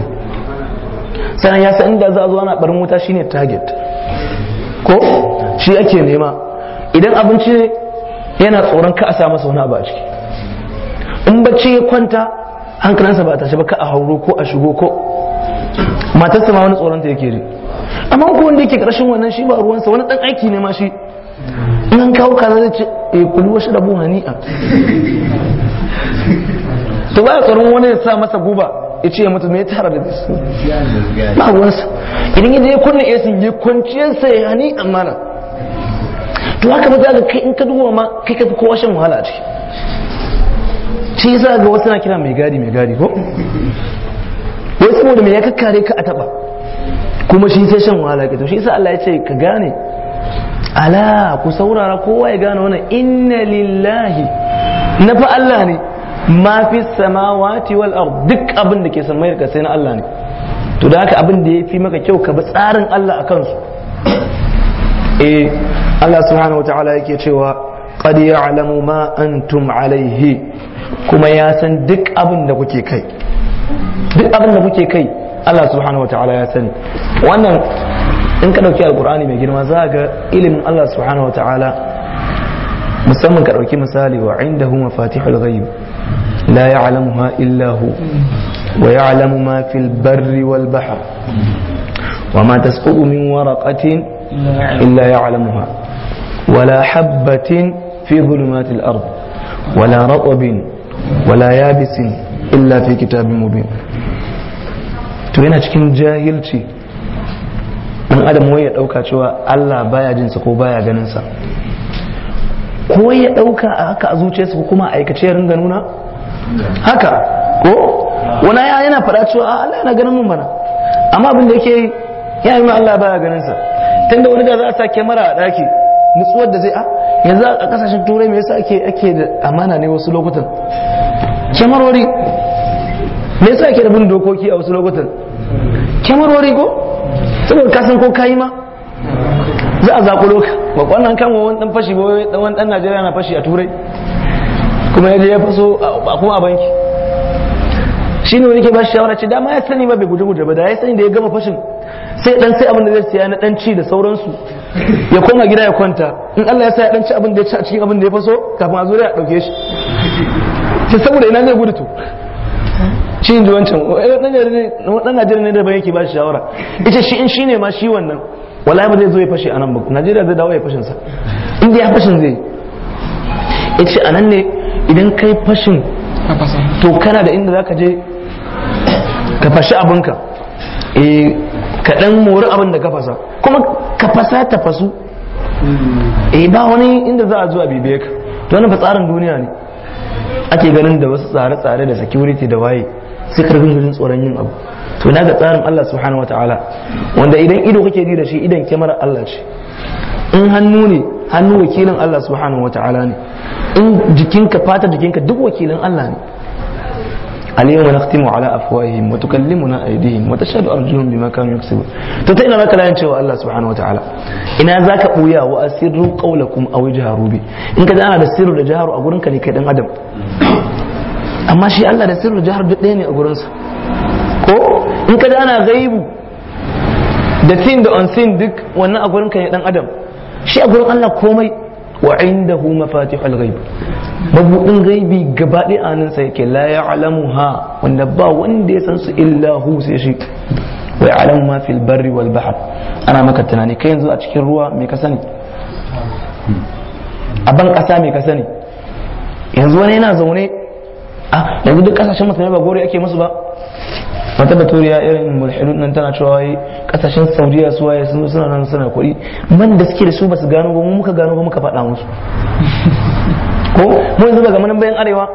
sannan ya san inda za a zo ana barin wuta shine target ko shi ake nema idan abinci ne yana tsoron ka a sa masa wani abu a ciki in bacci ya kwanta hankalinsa ba a tashi ba ka a hauro ko a shigo ko matarsa ma wani tsoron ta yake ji amma ko wanda yake karshen wannan shi ba ruwansa wani dan aiki ne ma shi in an kawo kaza zai ce eh kuli wasu rabu a to ba ya tsoron wani ya sa masa guba ya ce mutu mai tara da su ba wansa idan yadda ya kunna ya sun yi kwanciyarsa ya hani amana to haka ba za kai in ka duba ma kai ka fi kowa shan wahala a ciki shi yasa ga wasu na kira mai gadi mai gadi ko wai da mai ya kakkare ka a taba kuma shi sai shan wahala ke to shi yasa Allah ya ce ka gane ala ku saurara kowa ya gane wannan inna lillahi na fa Allah ne ma fi samawati wal ard duk abin da ke samai sai na Allah ne to da haka abin da yafi maka kyau ka bi tsarin Allah a su. eh Allah subhanahu wataala yake cewa qad ya'lamu ma antum alaihi kuma ya san duk abin da kuke kai duk abin da kuke kai Allah subhanahu wataala ya sani wannan in ka dauki alqur'ani mai girma za ga ilimin Allah subhanahu wataala musamman ka dauki misali wa indahu mafatihul ghaib لا يعلمها إلا هو ويعلم ما في البر والبحر وما تسقط من ورقة إلا يعلمها ولا حبة في ظلمات الأرض ولا رطب ولا يابس إلا في كتاب مبين تبين أشكين جاهل شيء من أدم ويا أوكا شوى الله بايا جنس قبايا جنسا ko ya dauka a haka a zuciyarsa ko haka ko wani ya yana faɗa cewa a Allah yana ganin mun bana amma abin da yake ya yi Allah baya ganin sa tunda wani da za a sa kyamara a daki nutsuwar da zai a yanzu a kasashen turai me yasa ake ake da amana ne wasu lokutan kyamarori me yasa ake da bin dokoki a wasu lokutan kyamarori ko saboda kasan ko kayi ma za a zakulo ka ba kwanan kan wani dan fashi ba wani dan Najeriya na fashi a turai kuma ya je ya faso kuma a banki shi ne wani ke ba shi shawara ce dama ya sani ba bai guje guje ba da ya sani da ya gama fashin sai dan sai abin da zai siya na dan ci da sauransu ya koma gida ya kwanta in Allah ya sa ya dan ci abin da ya ci a cikin abin da ya faso kafin a zo ya dauke shi sai saboda ina zai gudu to shi in ji wancan dan eh, Najeriya ne da ban yake ba shi shawara ita shi in shine ma shi wannan wallahi ba zai zo ya fashe a nan ba Najeriya zai dawo ya fashin sa inda ya fashin zai yace a nan ne idan kai fashin to kana da inda za ka je ka fashi abinka eh, ka dan mori abin da ka fasa kuma ka fasa ta fasu hmm. eh, ba wani inda za a zo a bibiye ka to wannan tsarin duniya ne ake ganin da wasu tsare-tsare da security da waye sai karfin gudun tsoron yin abu to na ga tsarin Allah subhanahu wataala wanda idan ido kake ji da shi idan kyamar Allah ce in hannu ne hannu wakilin Allah subhanahu wata'ala ne in jikinka fata jikinka duk wakilin Allah ne aliyu wa nakhtimu ala afwahihim wa tukallimuna aydihim wa tashhadu arjuluhum bima kanu yaksubun to ta ina zaka layin cewa Allah subhanahu wata'ala ina zaka buya wa asirru qawlakum aw jaharu bi in ka ana da sirru da jaharu a gurinka ne kai dan adam amma shi Allah da sirru da jaharu duk ɗaya ne a gurinsa ko in ka ana gaibu da sin da unseen duk wannan a gurinka ne dan adam shi a gurin Allah komai wa indahu mafatihul ghaib mabudin gaibi gaba ɗaya anan sa yake la ya'lamuha wanda ba wanda ya san su illa hu sai shi wa ya'lamu ma fil barri wal bahr ana maka tunani kai yanzu a cikin ruwa me ka sani a ban kasa me ka sani yanzu wani yana zaune a ah, yanzu duk kasashen musulmai ba gore ake musu ba wata baturiya irin mulhidun nan tana cewa yi kasashen saudiya su waye sun suna nan suna kuɗi man da suke da su basu gano ba mu muka gano ba muka faɗa musu ko mu yanzu daga manan bayan arewa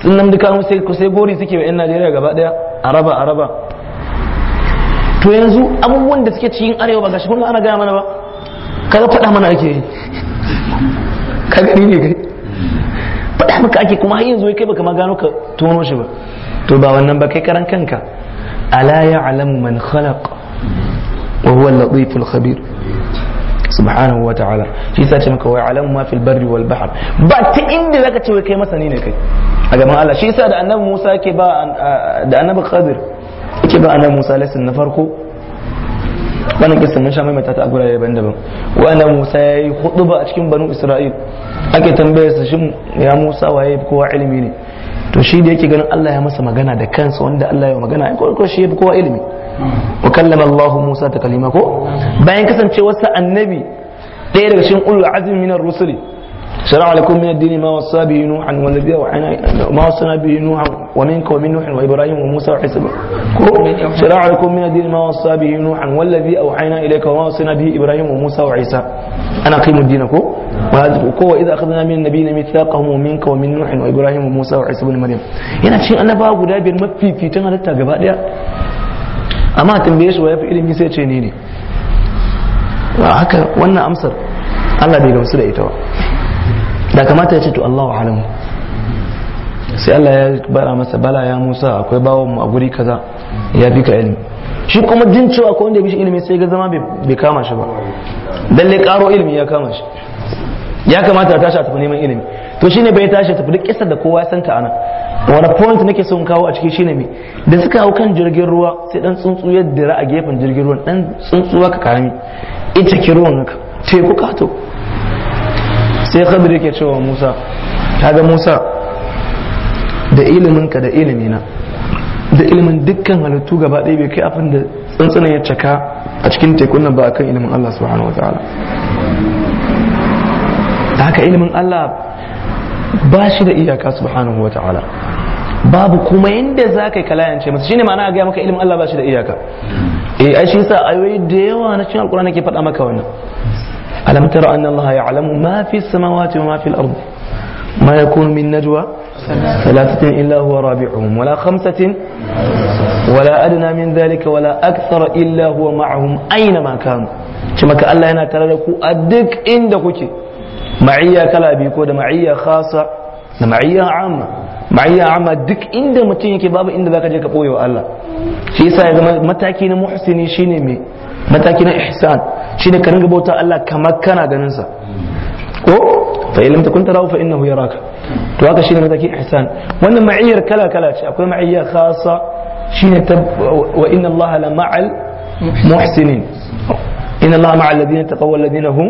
sun nan duka mu sai sai gori suke wa yan najeriya gaba daya araba araba to yanzu abubuwan da suke cikin arewa ba gashi kun ana gaya mana ba kaga faɗa mana ake yi ka gani ne kai faɗa maka ake kuma har yanzu kai baka ma gano ka tono shi ba to ba wannan ba kai karan kanka ala ya'lamu man khalaq wa huwa al-latiful khabir subhanahu wa ta'ala shi yasa ce maka wa ya'lamu ma ba ta inda zaka ce kai masani kai a gaban Allah shi yasa da annabi Musa yake ba ba Musa na farko wannan kisa mun sha mata ta a gurare daban-daban wannan Musa yayi hudu ba a cikin banu Isra'il ake tambayar sa shin ya Musa waye kowa ilimi ne to shi da yake ganin Allah ya masa magana da kansa wanda Allah ya magana ai ko shi yafi kowa ilimi wa kallama Allah Musa ta kalima ko bayan kasancewarsa annabi ɗaya daga cikin ulul azmi minar rusuli شرع لكم من الدين ما وصى به نوحا والذي اوحينا ما وصينا به نوحا ومنك ومن نوح وابراهيم وموسى وعيسى شرع لكم من الدين ما وصى به نوحا والذي اوحينا اليك وما وصينا به ابراهيم وموسى وعيسى انا اقيم الدين كو اذا اخذنا من النبيين ميثاقهم ومنك ومن نوح وابراهيم وموسى وعيسى بن مريم yana cikin annabawa guda biyar mafificin halitta gaba daya amma tambaye shi wa yafi ilimi sai ce ni ne haka wannan amsar Allah bai gamsu da ita ba da kamata ya ce to Allahu wa sai Allah ya bara masa bala ya Musa akwai bawon mu a guri kaza ya fi ka ilimi shi kuma jin cewa ko wanda ya bishi ilimi sai ga zama bai kama shi ba le karo ilimi ya kama shi ya kamata tashi a tafi neman ilimi to shine bai tashi tafi duk kisar da kowa ya santa ana wani point nake son kawo a ciki shine me da suka hau kan jirgin ruwa sai dan tsuntsu ya dira a gefen jirgin ruwan dan tsuntsuwa ka karami ita ki ruwan haka teku kato sai khadir yake cewa musa ga musa da iliminka da ilimina da ilimin dukkan halittu gaba ɗaya bai kai abin da tsantsana ya caka a cikin tekun nan ba akan ilimin Allah subhanahu wa ta'ala da haka ilimin Allah ba shi da iyaka subhanahu wa ta'ala babu kuma yadda za ka yi kalayance masa shine ma'ana a gaya maka ilimin Allah ba shi da iyaka eh ai shi yasa ayoyi da yawa na cikin alkur'ani ke faɗa maka wannan ألم ترى أن الله يعلم ما في السماوات وما في الأرض ما يكون من نجوى ثلاثة إلا هو رابعهم ولا خمسة ولا أدنى من ذلك ولا أكثر إلا هو معهم أينما كانوا كما كأن الله ترى لكو أدك إندكوكي معية كلا بيكو ده معية خاصة ده معية عامة معية عامة دك إند متين كي بابا إند ذاك جيك بوي الله في yasa متاكين zama شيني مي mataki na ihsan shine ka ringa bauta Allah kamar kana ganin sa ko fa illam takun tarahu fa innahu yaraka to haka shine mataki ihsan wannan ma'iyyar kala kala ce akwai ma'iyya khassa shine wa inna Allah la ma'al muhsinin inna Allah ma'al ladina taqaw ladina hum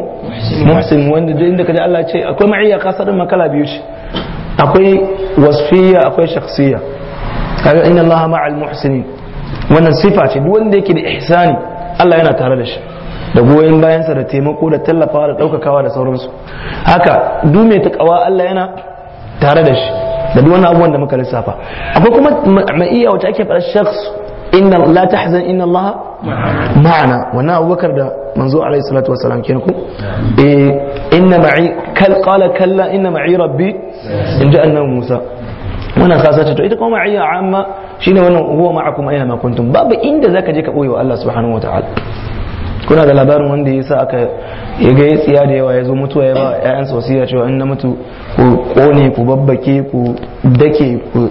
muhsin wanda duk inda kaje Allah ce akwai ma'iyya khassa din makala biyu ce akwai wasfiya akwai shakhsiya kaga inna Allah ma'al muhsinin wannan sifa ce duk wanda yake da ihsani Allah yana tare da shi da goyon bayansa da taimako da tallafawa da ɗaukakawa da sauransu haka duk mai taƙawa Allah yana tare da shi da duk wani abubuwan da muka lissafa akwai kuma ma'iya wacce ake faɗa shakhs inna la tahzan inna Allah ma'ana wannan abubakar da manzo alaihi salatu wasalam kenan ku eh inna ma'i kal qala kalla inna ma'i rabbi in ja'anna musa wannan sasata to ita kuma ma'iyya amma shine wannan huwa ma'akum aina ma kuntum babu inda zaka je ka boye wa Allah subhanahu wataala kuna da labarin wanda ya sa aka ya ga tsiya da yawa ya zo mutuwa ya ba ƴaƴan sosiya cewa in na mutu ku kone ku babbake ku dake ku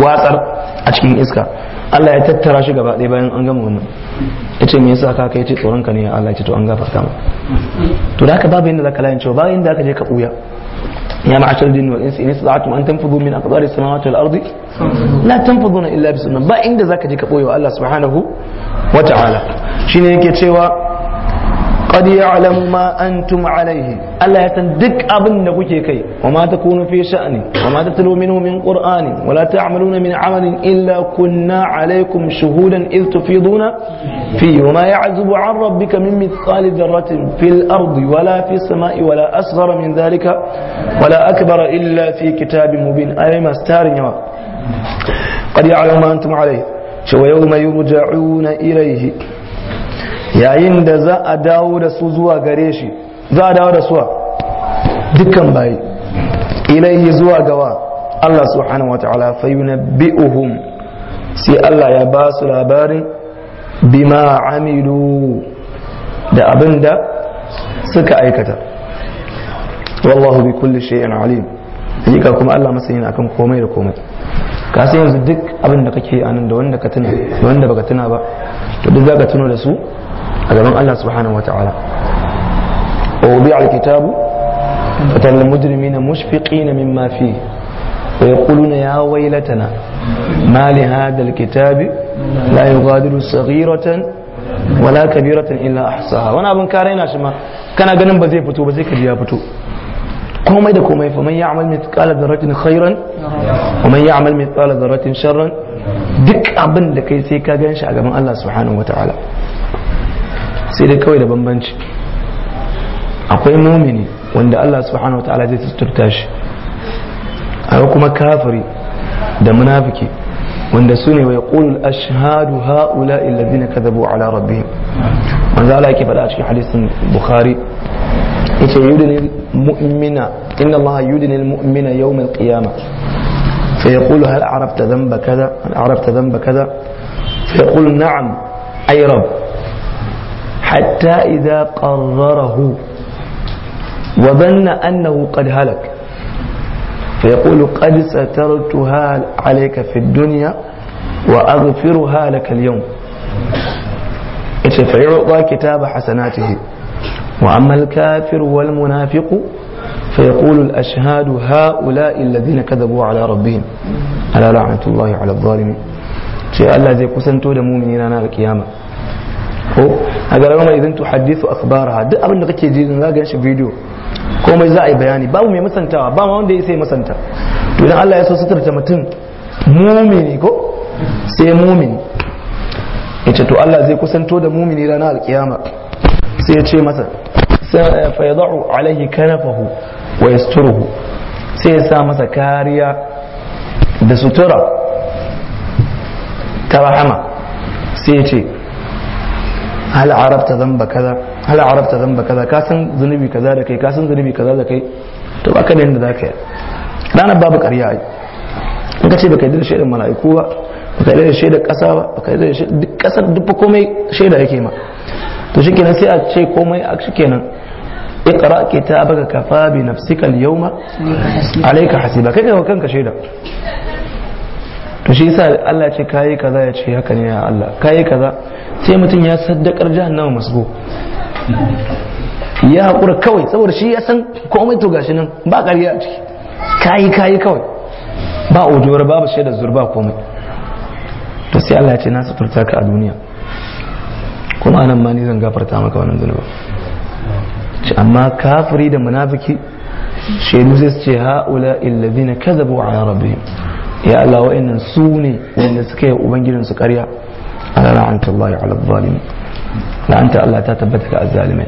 watsar a cikin iska Allah ya tattara shi gaba ɗaya bayan an gama wannan yace ce me yasa ka kai ce tsoron ka ne Allah ya ce to an gafarta ma to da haka babu inda zaka layin cewa babu inda zaka je ka buya يا معشر الجن والانس ان استطعتم ان تنفذوا من اقدار السماوات والارض لا تنفذون الا بسنه با inda zaka je ka boye wa Allah subhanahu wataala shine yake cewa قد يعلم ما أنتم عليه ألا يتندك أبن كي وما تكون في شأن وما تتلو منه من قرآن ولا تعملون من عمل إلا كنا عليكم شهودا إذ تفيضون فيه وما يعزب عن ربك من مثقال ذرة في الأرض ولا في السماء ولا أصغر من ذلك ولا أكبر إلا في كتاب مبين أي ما قد يعلم ما أنتم عليه ويوم يرجعون إليه yayin da za a dawo da su zuwa gare shi za a dawo da suwa dukkan bayi ilayhi zuwa gawa Allah subhanahu wataala fa yunabbi'uhum sai Allah ya ba su labarin bima amilu da abin suka aikata wallahu bi kulli shay'in alim hakika kuma Allah masani akan komai da komai ka san yanzu duk abin da kake anan da wanda ka tuna da wanda baka tuna ba to duk zaka tuno da su هذا من الله سبحانه وتعالى ووضيع الكتاب فترى المجرمين مشفقين مما فيه ويقولون يا ويلتنا ما لهذا الكتاب لا يغادر صغيرة ولا كبيرة إلا أحصاها وأنا أبن كارينا شما كان أقنم بزي فتو بزي كبيا فتو كوما إذا كوما فمن يعمل مثقال ذرة خيرا ومن يعمل مثقال ذرة شرا دك أبن لكي سيكا جنش أقنم الله سبحانه وتعالى sai dai kawai da bambanci akwai mumini wanda Allah subhanahu wataala zai suturta shi akwai kuma kafiri da munafiki wanda su ne wai qul ashhadu haula alladhina kadhabu ala rabbihim manzo Allah yake faɗa a cikin hadisin Bukhari yace yudinil mu'mina inna Allah yudinil mu'mina yawm alqiyamah qiyamah فيقول هل عرفت ذنب كذا هل عرفت ذنب كذا فيقول نعم أي رب حتى إذا قرره وظن أنه قد هلك فيقول قد سترتها عليك في الدنيا وأغفرها لك اليوم فيعطى كتاب حسناته وأما الكافر والمنافق فيقول الأشهاد هؤلاء الذين كذبوا على ربهم ألا لعنة الله على الظالمين شيء الله زي قسنتو دمو من إلى نار القيامة ko a garin mai idan tuhaddisu akhbaraha duk abin da kake ji za ka shi bidiyo komai za a yi bayani babu mai musantawa ba ma wanda ya sai musanta to idan Allah ya so suturta mutum mumini ko sai mumini yace to Allah zai kusanto da mumini ranar alkiyama sai ya ce masa eh, fa yad'u alaihi kanafahu wa yasturuhu sai ya sa masa kariya da sutura ta rahama sai ya ce hal arabta zamba kaza hal arabta zamba kaza ka san zunubi kaza da kai ka san zunubi kaza da kai to ba ka da yadda zaka yi ranar babu ƙarya ai in ka ce baka yi da shaidan mala'iku ba baka yi da shaidan ƙasa ba baka yi da shaidan duk ƙasar duk komai shaida yake ma to shikenan sai a ce komai a shikenan اقرا كتابك كفى بنفسك اليوم عليك حسيبا kai ka كانك شهيدا to shi yasa Allah ce kayi kaza ya ce haka ne ya Allah kayi kaza sai mutum ya saddakar jahannama masgo ya hakura kawai saboda shi ya san komai to gashi nan ba ƙarya a ciki kayi kayi kawai ba ujura babu shaidar zurba komai to sai Allah ya ce na suturta ka a duniya kuma anan ma ni zan gafarta maka wannan zunuba amma kafiri da munafiki shaidu zai ce ha'ula illazina kadhabu ala rabbihim ya Allah wa'annan su ne wanda suka yi ubangijin su ƙarya ana la'anta Allah ala zalimi la'anta Allah ta tabbata ga azzalimai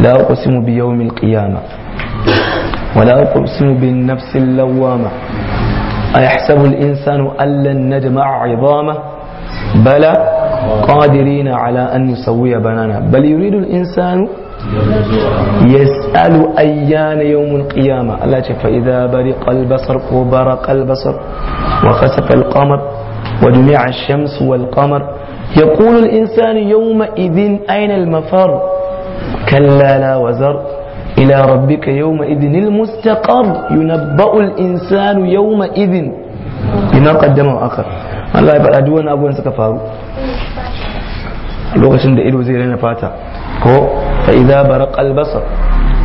la uqsimu bi yawmil qiyamah wa la uqsimu bin nafsil lawwama أيحسب الإنسان أن لن نجمع عظامه بلى قادرين على أن نسوي بنانا بل يريد الإنسان يسأل أيان يوم القيامة الله فإذا برق البصر وبرق البصر وخسف القمر وجميع الشمس والقمر يقول الإنسان يومئذ أين المفر كلا لا وزر إلى ربك يومئذ المستقر ينبأ الإنسان يومئذ بما قدم وأخر الله يبقى أدوان أبوان سكفار لغة شند إلو زيرين فاتا ko fa idza baraqa albasar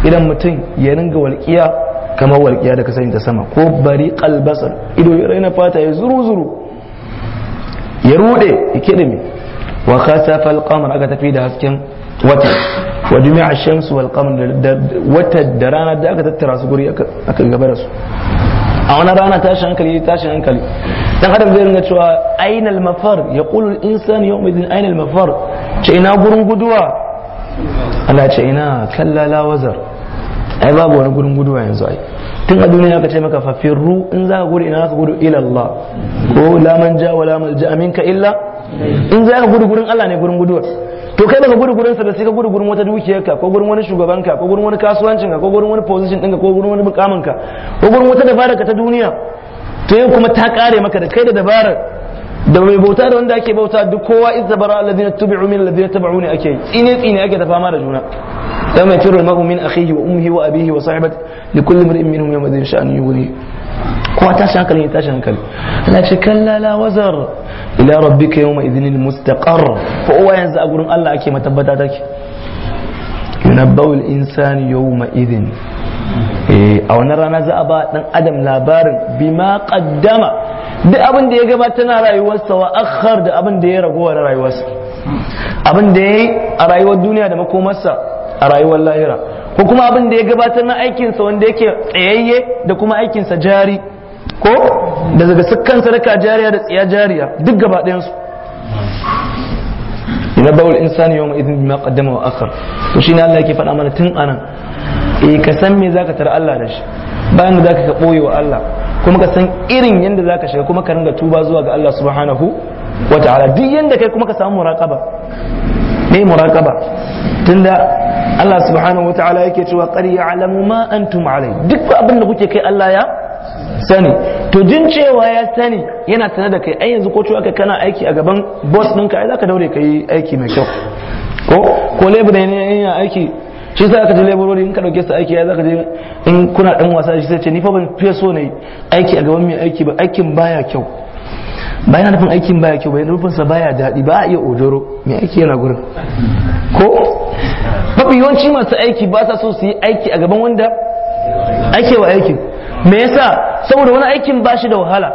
idan mutum ya ringa walƙiya kamar walƙiya da ka sani ta sama ko bari kalbasar ido ya raina fata ya zuru zuru ya rude ya kidime wa khasafa alqamar aka tafi da hasken wata wa jumi'a shamsu wal da wata da rana da aka tattara su guri aka gaba da su a wani rana tashin hankali tashin hankali dan adam zai ringa cewa ainal mafar yaqulu al insanu yawma idin ainal mafar ce ina gurin guduwa Allah ce ina kallala wazar ai babu wani gurin guduwa yanzu ai tun a duniya aka ce maka fafirru in za ka gudu ina ka gudu ila Allah ko la man ja wa la man ja minka illa in za ka gudu gurin Allah ne gurin guduwa to kai baka gudu gurin sa da sai ka gudu gurin wata dukiyarka ko gurin wani shugabanka ko gurin wani kasuwancinka ko gurin wani position ɗinka ko gurin wani ka ko gurin wata ka ta duniya to yau kuma ta kare maka da kai da dabarar da mai bauta da wanda ake bauta duk kowa izza bara alladhina tubi'u min alladhina tab'u ne ake tsine tsine ake ta fama da juna dan mai firul mar'u min akhihi wa ummihi wa abihi wa sahibati li kulli mar'in minhum yawma dhin sha'an yughni kowa tashi hankali tashi hankali ana ce kalla la wazar ila rabbika yawma idhin mustaqar uwa yanzu a gurin Allah ake matabbata take yunabbaul insani yawma idhin eh, a wannan rana za a ba dan adam labarin bima qaddama duk abin da ya gabata na rayuwarsa wa akhar da abin da ya ragowa na rayuwarsa abin da ya yi a rayuwar duniya da makomarsa a rayuwar lahira ko kuma abin da ya gabatar na aikinsa wanda yake tsayayye da kuma aikinsa jari ko da daga sukan sadaka jariya da tsaya jariya duk gaba ɗayansu ina bawul insani yawma idin bima qaddama wa akhar to shi ne Allah yake faɗa mana tun anan eh ka san me zaka tara Allah da shi bayan da zaka ka boye wa Allah kuma ka san irin yanda zaka shiga kuma ka ringa tuba zuwa ga Allah subhanahu wataala duk yanda kai kuma ka samu muraqaba me muraqaba tunda Allah subhanahu wa yake cewa qad ya'lamu ma antum alai duk abin da kuke kai Allah ya sani to jin cewa ya sani yana tana da kai ai yanzu ko cewa kai kana aiki a gaban boss ɗinka ai zaka daure kai aiki mai kyau ko ko ne ne yana aiki shi sai aka ji laborori in ka dauke su aiki ya zaka je in kuna dan wasa shi sai ce ni fa ban fiye so ne aiki a gaban mai aiki ba aikin baya kyau ba yana nufin aikin baya kyau ba yana nufin sa baya daɗi ba a iya odoro mai aiki yana gurin ko mafi yawanci masu aiki ba sa so su yi aiki a gaban wanda ake wa aikin me yasa saboda wani aikin ba shi da wahala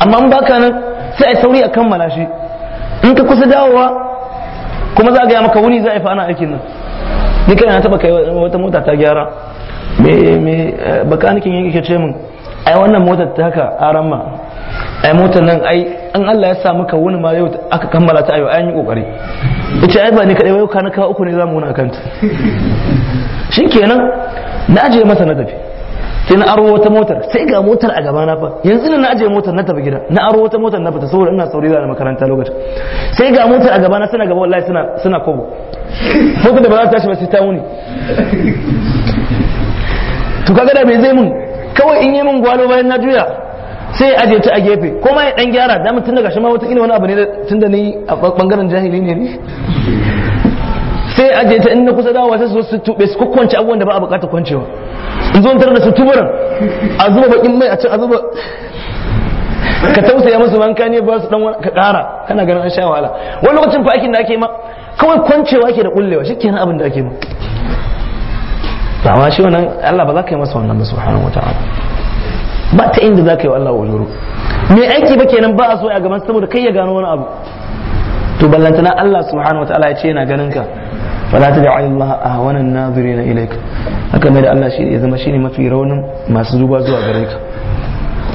amma in baka nan sai a sauri a kammala shi in ka kusa dawowa kuma za a gaya maka wuni za a yi fa'ana ana aikin nan ni kai na taba kai wata mota ta gyara mai me eh, bakanikin yake ce min ai wannan motar ta haka aramma ai motar nan ai an Allah ya sa maka wuni ma yau aka kammala ta ayo an yi kokari yace ai ba ni kadai yau ka na kawo uku ne zamu wuna kanta kenan na je masa na tafi sai na aro wata motar sai ga motar a gaba na fa yanzu na aje motar na tafi gida na aro wata motar na fita saboda ina sauri da makaranta lokacin sai ga motar a gaba na suna gaba wallahi suna suna kobo ko da ba za ta tashi ba sai ta wuni to kaga da me zai mun kawai in yi mun gwalo bayan na juya sai aje ta a gefe kuma ya dan gyara da mutun daga shi ma wata wani abu ne tunda ni a bangaren jahili ne ne sai aje ta in kusa dawa sai su tube su kwance abubuwan da ba a bukata kwancewa in zo tare da su tuburan a zuba bakin mai a can a zuba ka tausaya musu manka ne ba su dan ka kara kana ganin an sha wahala wani lokacin fa aikin da ake ma kawai kwancewa ke da kullewa shikenan abin da ake ma ba ma shi wannan Allah ba za ka yi masa wannan ba subhanahu wataala ba ta inda za ka yi wa Allah wajuru me aiki ba kenan ba a so a gaban saboda kai ya gano wani abu to ballantana Allah subhanahu wataala ya ce yana ganin ka fala ta da'u Allah ahwanan nazirina ilaika haka mai da Allah shi ya zama shine mafi raunin masu zuba zuwa gare ka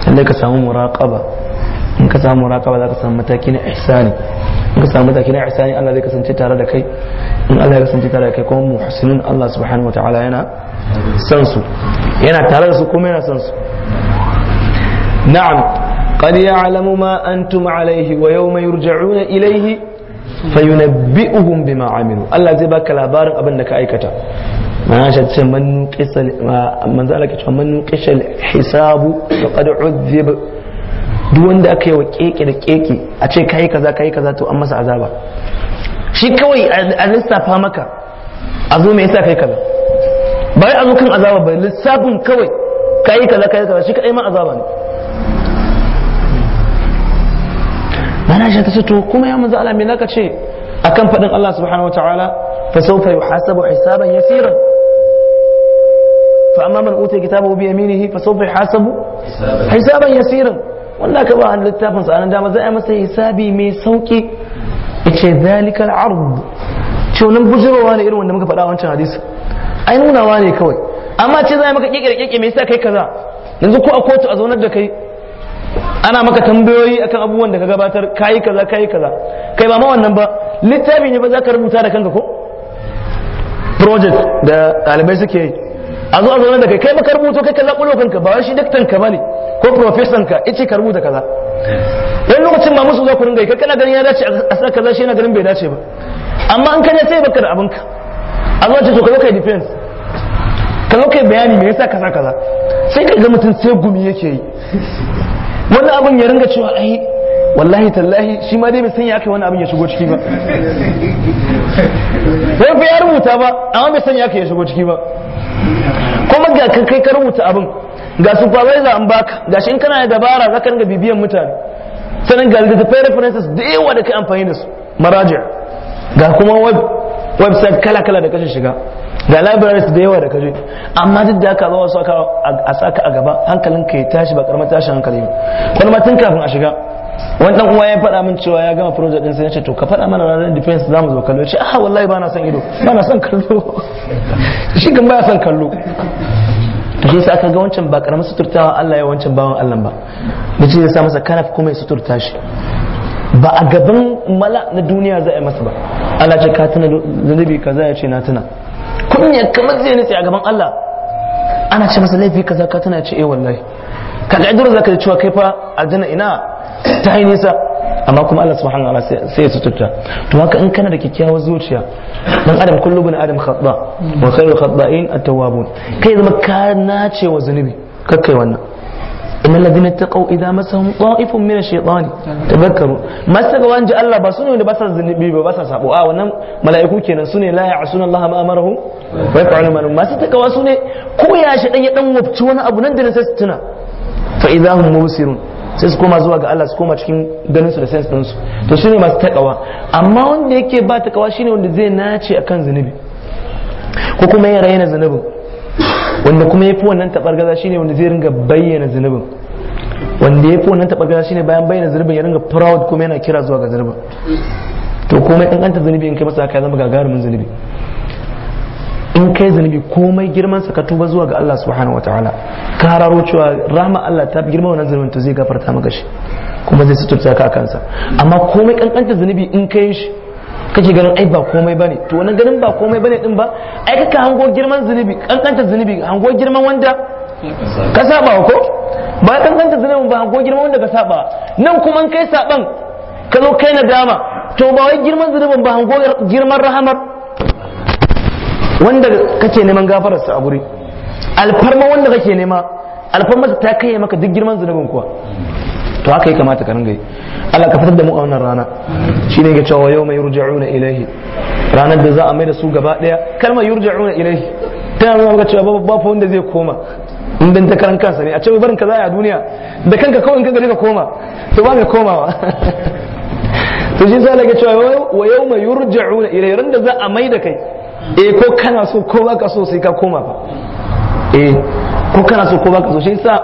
lallai ka samu muraqaba in ka samu muraqaba za ka samu mataki na ihsani in ka samu mataki na ihsani Allah zai kasance tare da kai in Allah ya kasance tare da kai kuma muhsinun Allah subhanahu wataala yana san su yana tare da su kuma yana san su na'am قد ma ما أنتم عليه ويوم يرجعون إليه fayunabbi'uhum bima amilu Allah zai baka labarin abin da ka aikata mana shi ce man qisal man zala ka man qishal hisabu faqad udhib duk wanda aka yi wa keke da keke a ce kai kaza kai kaza to an masa azaba shi kawai a lissafa maka a zo mai yasa kai kaza bai a zo kan azaba bai lissafin kawai kai kaza kai kaza shi kai ma azaba ne nana shi ta ce to kuma ya manzo Allah me naka ce akan fadin Allah subhanahu wataala fa sawfa yuhasabu hisaban yasiran fa amma man utiya kitabahu bi yaminihi fa sawfa yuhasabu hisaban yasiran wanda ka ba hannun littafin sa dama za masa hisabi mai sauki yace zalikal ard ce wannan bujurowa ne irin wanda muka faɗa wancan hadisi ai nunawa ne kawai amma ce za a maka kike kike me yasa kai kaza yanzu ko a kotu a zaunar da kai ana maka tambayoyi akan abubuwan da ka gabatar kayi kaza kayi kaza kai ba ma wannan ba littafi ne ba za ka rubuta da kanka ko project da ɗalibai suke yi a zo a zaune da kai kai ba ka rubuto kai kaza zaƙulo kanka ba shi daktan ka bane ko profesan ka ice ka rubuta kaza wani lokacin ma musu za ku ringa yi kana ganin ya dace a sa kaza shi yana ganin bai dace ba amma an kanya sai baka da ka a zo ce to ka kai defense ka kai bayani me yasa kaza kaza sai ka ga mutum sai gumi yake yi wani abin ya ringa cewa ai wallahi tallahi shi ma dai bai sanya aka wani abin ya shigo ciki ba wai fi ya rubuta ba amma bai sanya aka ya shigo ciki ba kuma ga kan kai ka rubuta abin ga za an baka ga shi in kana da dabara za ka ringa bibiyan mutane sanin ga littattafai references da yawa da kai amfani da su maraja ga kuma website kala kala da kashin shiga da su da yawa da kaje amma duk da aka zuwa saka a saka a gaba hankalin ka ya tashi ba karamar tashi hankali ba wani ma tun kafin a shiga wani dan uwa ya faɗa min cewa ya gama project din sai ya ce to ka faɗa mana ranar defense zamu zo kallo ce ah wallahi ba na son ido ba na son kallo shi kan ya son kallo shi sai aka ga wancan ba karamin suturtawa Allah ya wancan bawon Allah ba mace ya sa masa kanaf kuma ya suturta shi ba a gaban mala na duniya za a yi masa ba Allah ce ka tuna zanubi kaza ya ce na tuna kunya kamar zai nutse a gaban Allah ana ce masa laifi kaza ka tana ce eh wallahi ka ga idan zaka cewa kai fa aljanna ina ta yi nisa amma kuma Allah subhanahu wa ta'ala sai ya tutta to haka in kana da kyakkyawa zuciya dan adam kullu bin adam khata wa khairul khata'in at-tawwabun kai zama ka nace wa zunubi kakkai wannan inna ladina taqaw idza masahum ta'ifun min ash-shaytani tadhakkaru masaka wanda Allah ba sune da ba sa zunubi ba ba sa sabo a wannan mala'iku kenan suna la ya'suna Allah ma amarahu masu takawa sune ko ya shi dan ya dan wani abu nan da sai su tuna fa idza sai su koma zuwa ga Allah su koma cikin ganin su da sense din su to shine masu takawa amma wanda yake ba takawa shine wanda zai nace akan zunubi ko kuma ya raina zunubin wanda kuma ya fi wannan gaza shine wanda zai ringa bayyana zunubin wanda ya fi wannan gaza shine bayan bayyana zunubin ya ringa proud kuma yana kira zuwa ga zunubin to komai kankanta zunubi in kai masa haka zama gagarumin zunubi in kai zunubi komai girman sa ka tuba zuwa ga Allah subhanahu wataala ka raro cewa rahma Allah ta fi wannan zunubin to zai gafarta maka shi kuma zai suturta ka kansa amma komai kankanta zunubi in kai shi kake ganin ai ba komai bane to wannan ganin ba komai bane din ba ai kaka hango girman zunubi kankanta zunubi hango girman wanda ka saba ko ba kankanta zunubin ba hango girman wanda ka saba nan kuma in kai saban ka zo kai nadama to ba wai girman zunubin ba hango girman rahamar wanda kake neman gafararsa a guri alfarma wanda kake nema alfarma ta kai maka duk girman zunubin kuwa to haka ya kamata ka ringa yi Allah ka fitar da mu a wannan rana shine yake cewa yau mai yurja'una ilaihi ranar da za a mai da su gaba daya kalmar yurja'una ilaihi tana nuna ga cewa ba fa wanda zai koma in dan ta karan kansa ne a ce barin barin kaza a duniya da kanka kawai in ka gari ka koma to ba ka komawa to shi zai ga cewa wa yau mai yurja'una ilaihi ran da za a mai da kai eh ko kana so ko ka so sai ka koma fa eh ko kana so ko ka so shi yasa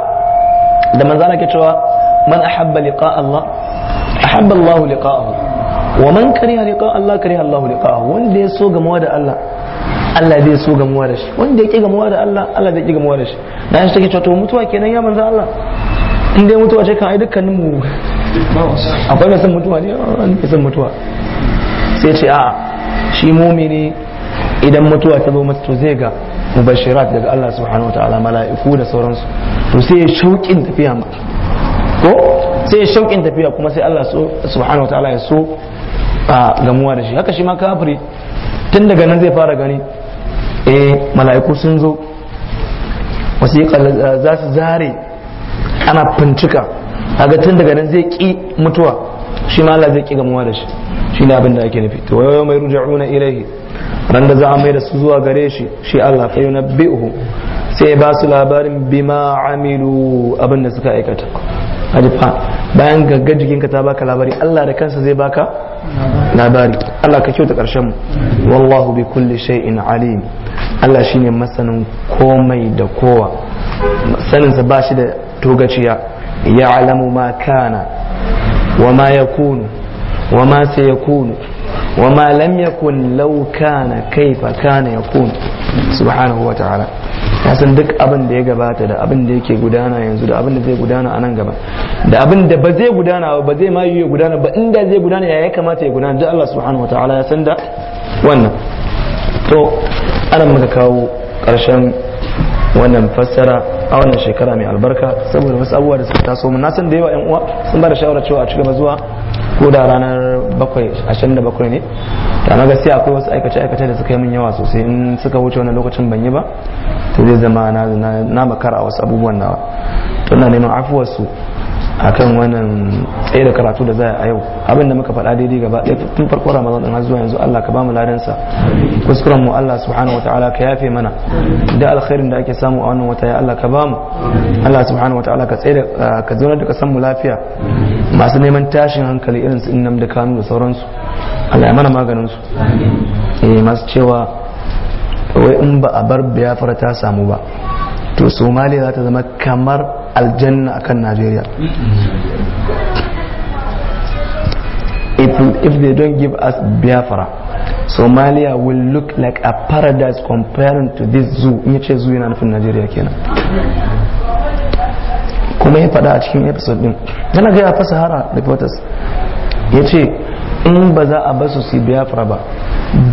da manzana ke cewa man أحب liqa Allah أحب Allah لقاءه wa كره لقاء الله كره الله لقاءه liqa'ahu wanda ya so الله da Allah Allah zai so gamuwa da shi wanda ya gamuwa da Allah Allah zai ki gamuwa da shi dan shi take cewa to mutuwa kenan ya manzo Allah in dai mutuwa ce kan ai dukkanin mu akwai san mutuwa ne an ke san mutuwa sai ce a'a shi mumini idan mutuwa ta zo mata to zai ga mubashirat daga Allah subhanahu wa mala'iku da sauransu to sai ya shauƙin tafiya mata ko sai shauƙin tafiya kuma sai Allah subhanahu wa ta'ala ya so a gamuwa da shi haka shi ma kafiri tun daga nan zai fara gani eh mala'iku sun zo yi za su zare ana fincika kaga tun daga nan zai ƙi mutuwa shi ma Allah zai ƙi gamuwa da shi shi ne abin da ake nufi to yau mai ruja'una ilaihi ran da za a mai da su zuwa gare shi shi Allah fa yunabbi'uhu sai ba su labarin bima amilu abin suka aikata ajifa bayan gaggar jikinka ta baka labari Allah da kansa zai baka labari Allah ka kyauta karshen mu wallahu bi kulli shay'in alim Allah shine masanin komai da kowa saninsa ba shi da togaciya ya alamu ma kana wa ma yakunu wa ma sayakunu wa ma lam yakun law kana kaifa kana yakun subhanahu wa ta'ala ta san duk abin da ya gabata da abin da yake gudana yanzu da abin da zai gudana a nan gaba da abin da ba zai gudana ba zai ma yi gudana ba inda zai gudana ya ya kamata ya gudana da Allah subhanahu wataala ya san da wannan to anan muka kawo ƙarshen wannan fassara a wannan shekara mai albarka saboda wasu abubuwa da suka taso mun san da yawa yan uwa sun ba da shawara cewa a ci gaba zuwa ko da ranar bakwai ashirin ne to na gaskiya akwai wasu aikace aikace da suka yi min yawa sosai in suka wuce wani lokacin ban yi ba to zai zama na makara a wasu abubuwan nawa to ina neman afuwar akan wannan tsaye da karatu da za a yau abinda muka faɗa daidai gaba ɗaya tun farko ramadan ɗin har zuwa yanzu Allah ka ba mu ladan sa kuskuren mu Allah subhanahu wataala ka yafe mana da alkhairin da ake samu a wannan wata ya Allah ka ba mu Allah subhanahu wataala ka tsaye da ah, ka zauna da ka san mu lafiya masu neman tashin hankali irin su innam da kanu da sauransu Allah ya mana maganin su eh masu cewa wai in ba a bar fara ta samu ba to somaliya za ta zama kamar aljanna akan najeriya if, if they don't give us biafra somalia will look like a paradise comparing to this zoo in yace zoo yana nufin najeriya kenan kuma ya faɗa a cikin episode din yana gaya fasa da reporters ya ce in ba za a basu su biafra ba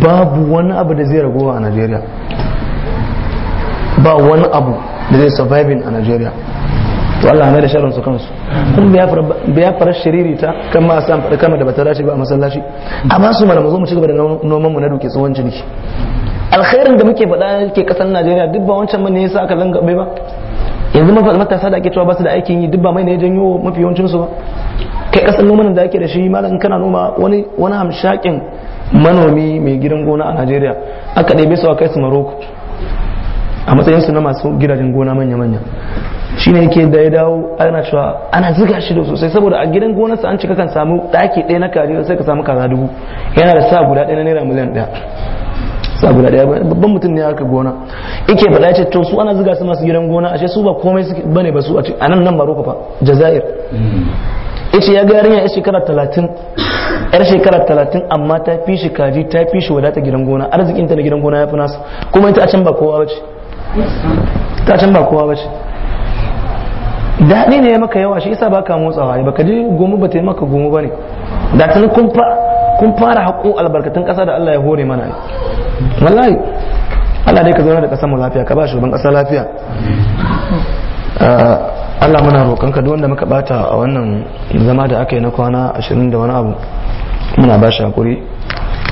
babu wani abu da zai ragowa a najeriya ba wani abu da zai surviving a Nigeria. to Allah mai da sharon su kansu kun biya fara shiriri ta kan ma san fada kama da bata dace ba a masallaci amma su mana mu zo mu ci gaba da noman mu na duke tsohon ciniki alkhairin da muke faɗa ke kasar Najeriya duk ba wancan mun ne yasa aka langabe ba yanzu matasa da ake cewa ba su da aikin yi duk ba mai ne janyo mafi yawancin su ba kai kasar noman da ake da shi malam kana noma wani wani hamshakin manomi mai gidan gona a Najeriya aka ɗebe su a kai su Maroko a matsayinsu na masu gidajen gona manya-manya shi ne yake da ya dawo ana cewa ana ziga shi da sosai saboda a gidan gonarsa an cika kan samu ɗaki ɗaya na kaji sai ka samu kaza dubu yana da sa guda ɗaya na naira miliyan ɗaya sa guda ɗaya babban mutum ne aka gona ike faɗa ce to su ana ziga su masu gidan gona ashe su ba komai bane ba su a nan nan maroko fa jazair Ice ya ga yarinya yar shekara talatin yar shekara talatin amma ta fi shi kaji ta fi shi wadata gidan gona arzikinta na gidan gona ya fi nasa kuma ita a can ba kowa ba ce can ba kowa ba ce daɗi ne ya maka yawa shi isa baka motsawa ba ka ji gomu ba ta yi maka gomu ba ne da ta kun fara haƙo albarkatun ƙasa da Allah ya hore mana ne wallahi Allah dai ka zauna da ƙasar mu lafiya ka ba shugaban ƙasa lafiya ah, Allah muna roƙon ka duk wanda muka bata a wannan zama da aka yi na kwana ashirin da wani abu muna ba shi haƙuri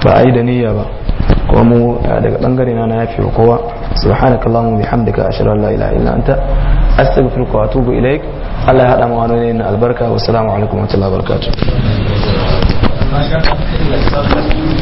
ba a yi da niyya ba ko mu daga bangare na na yafi kowa subhanakallahumma bihamdika ashhadu an la ilaha illa anta astaghfiruka wa atubu ilaik Allah ya hada mu wani ne albarka wa assalamu alaikum wa rahmatullahi wa barakatuh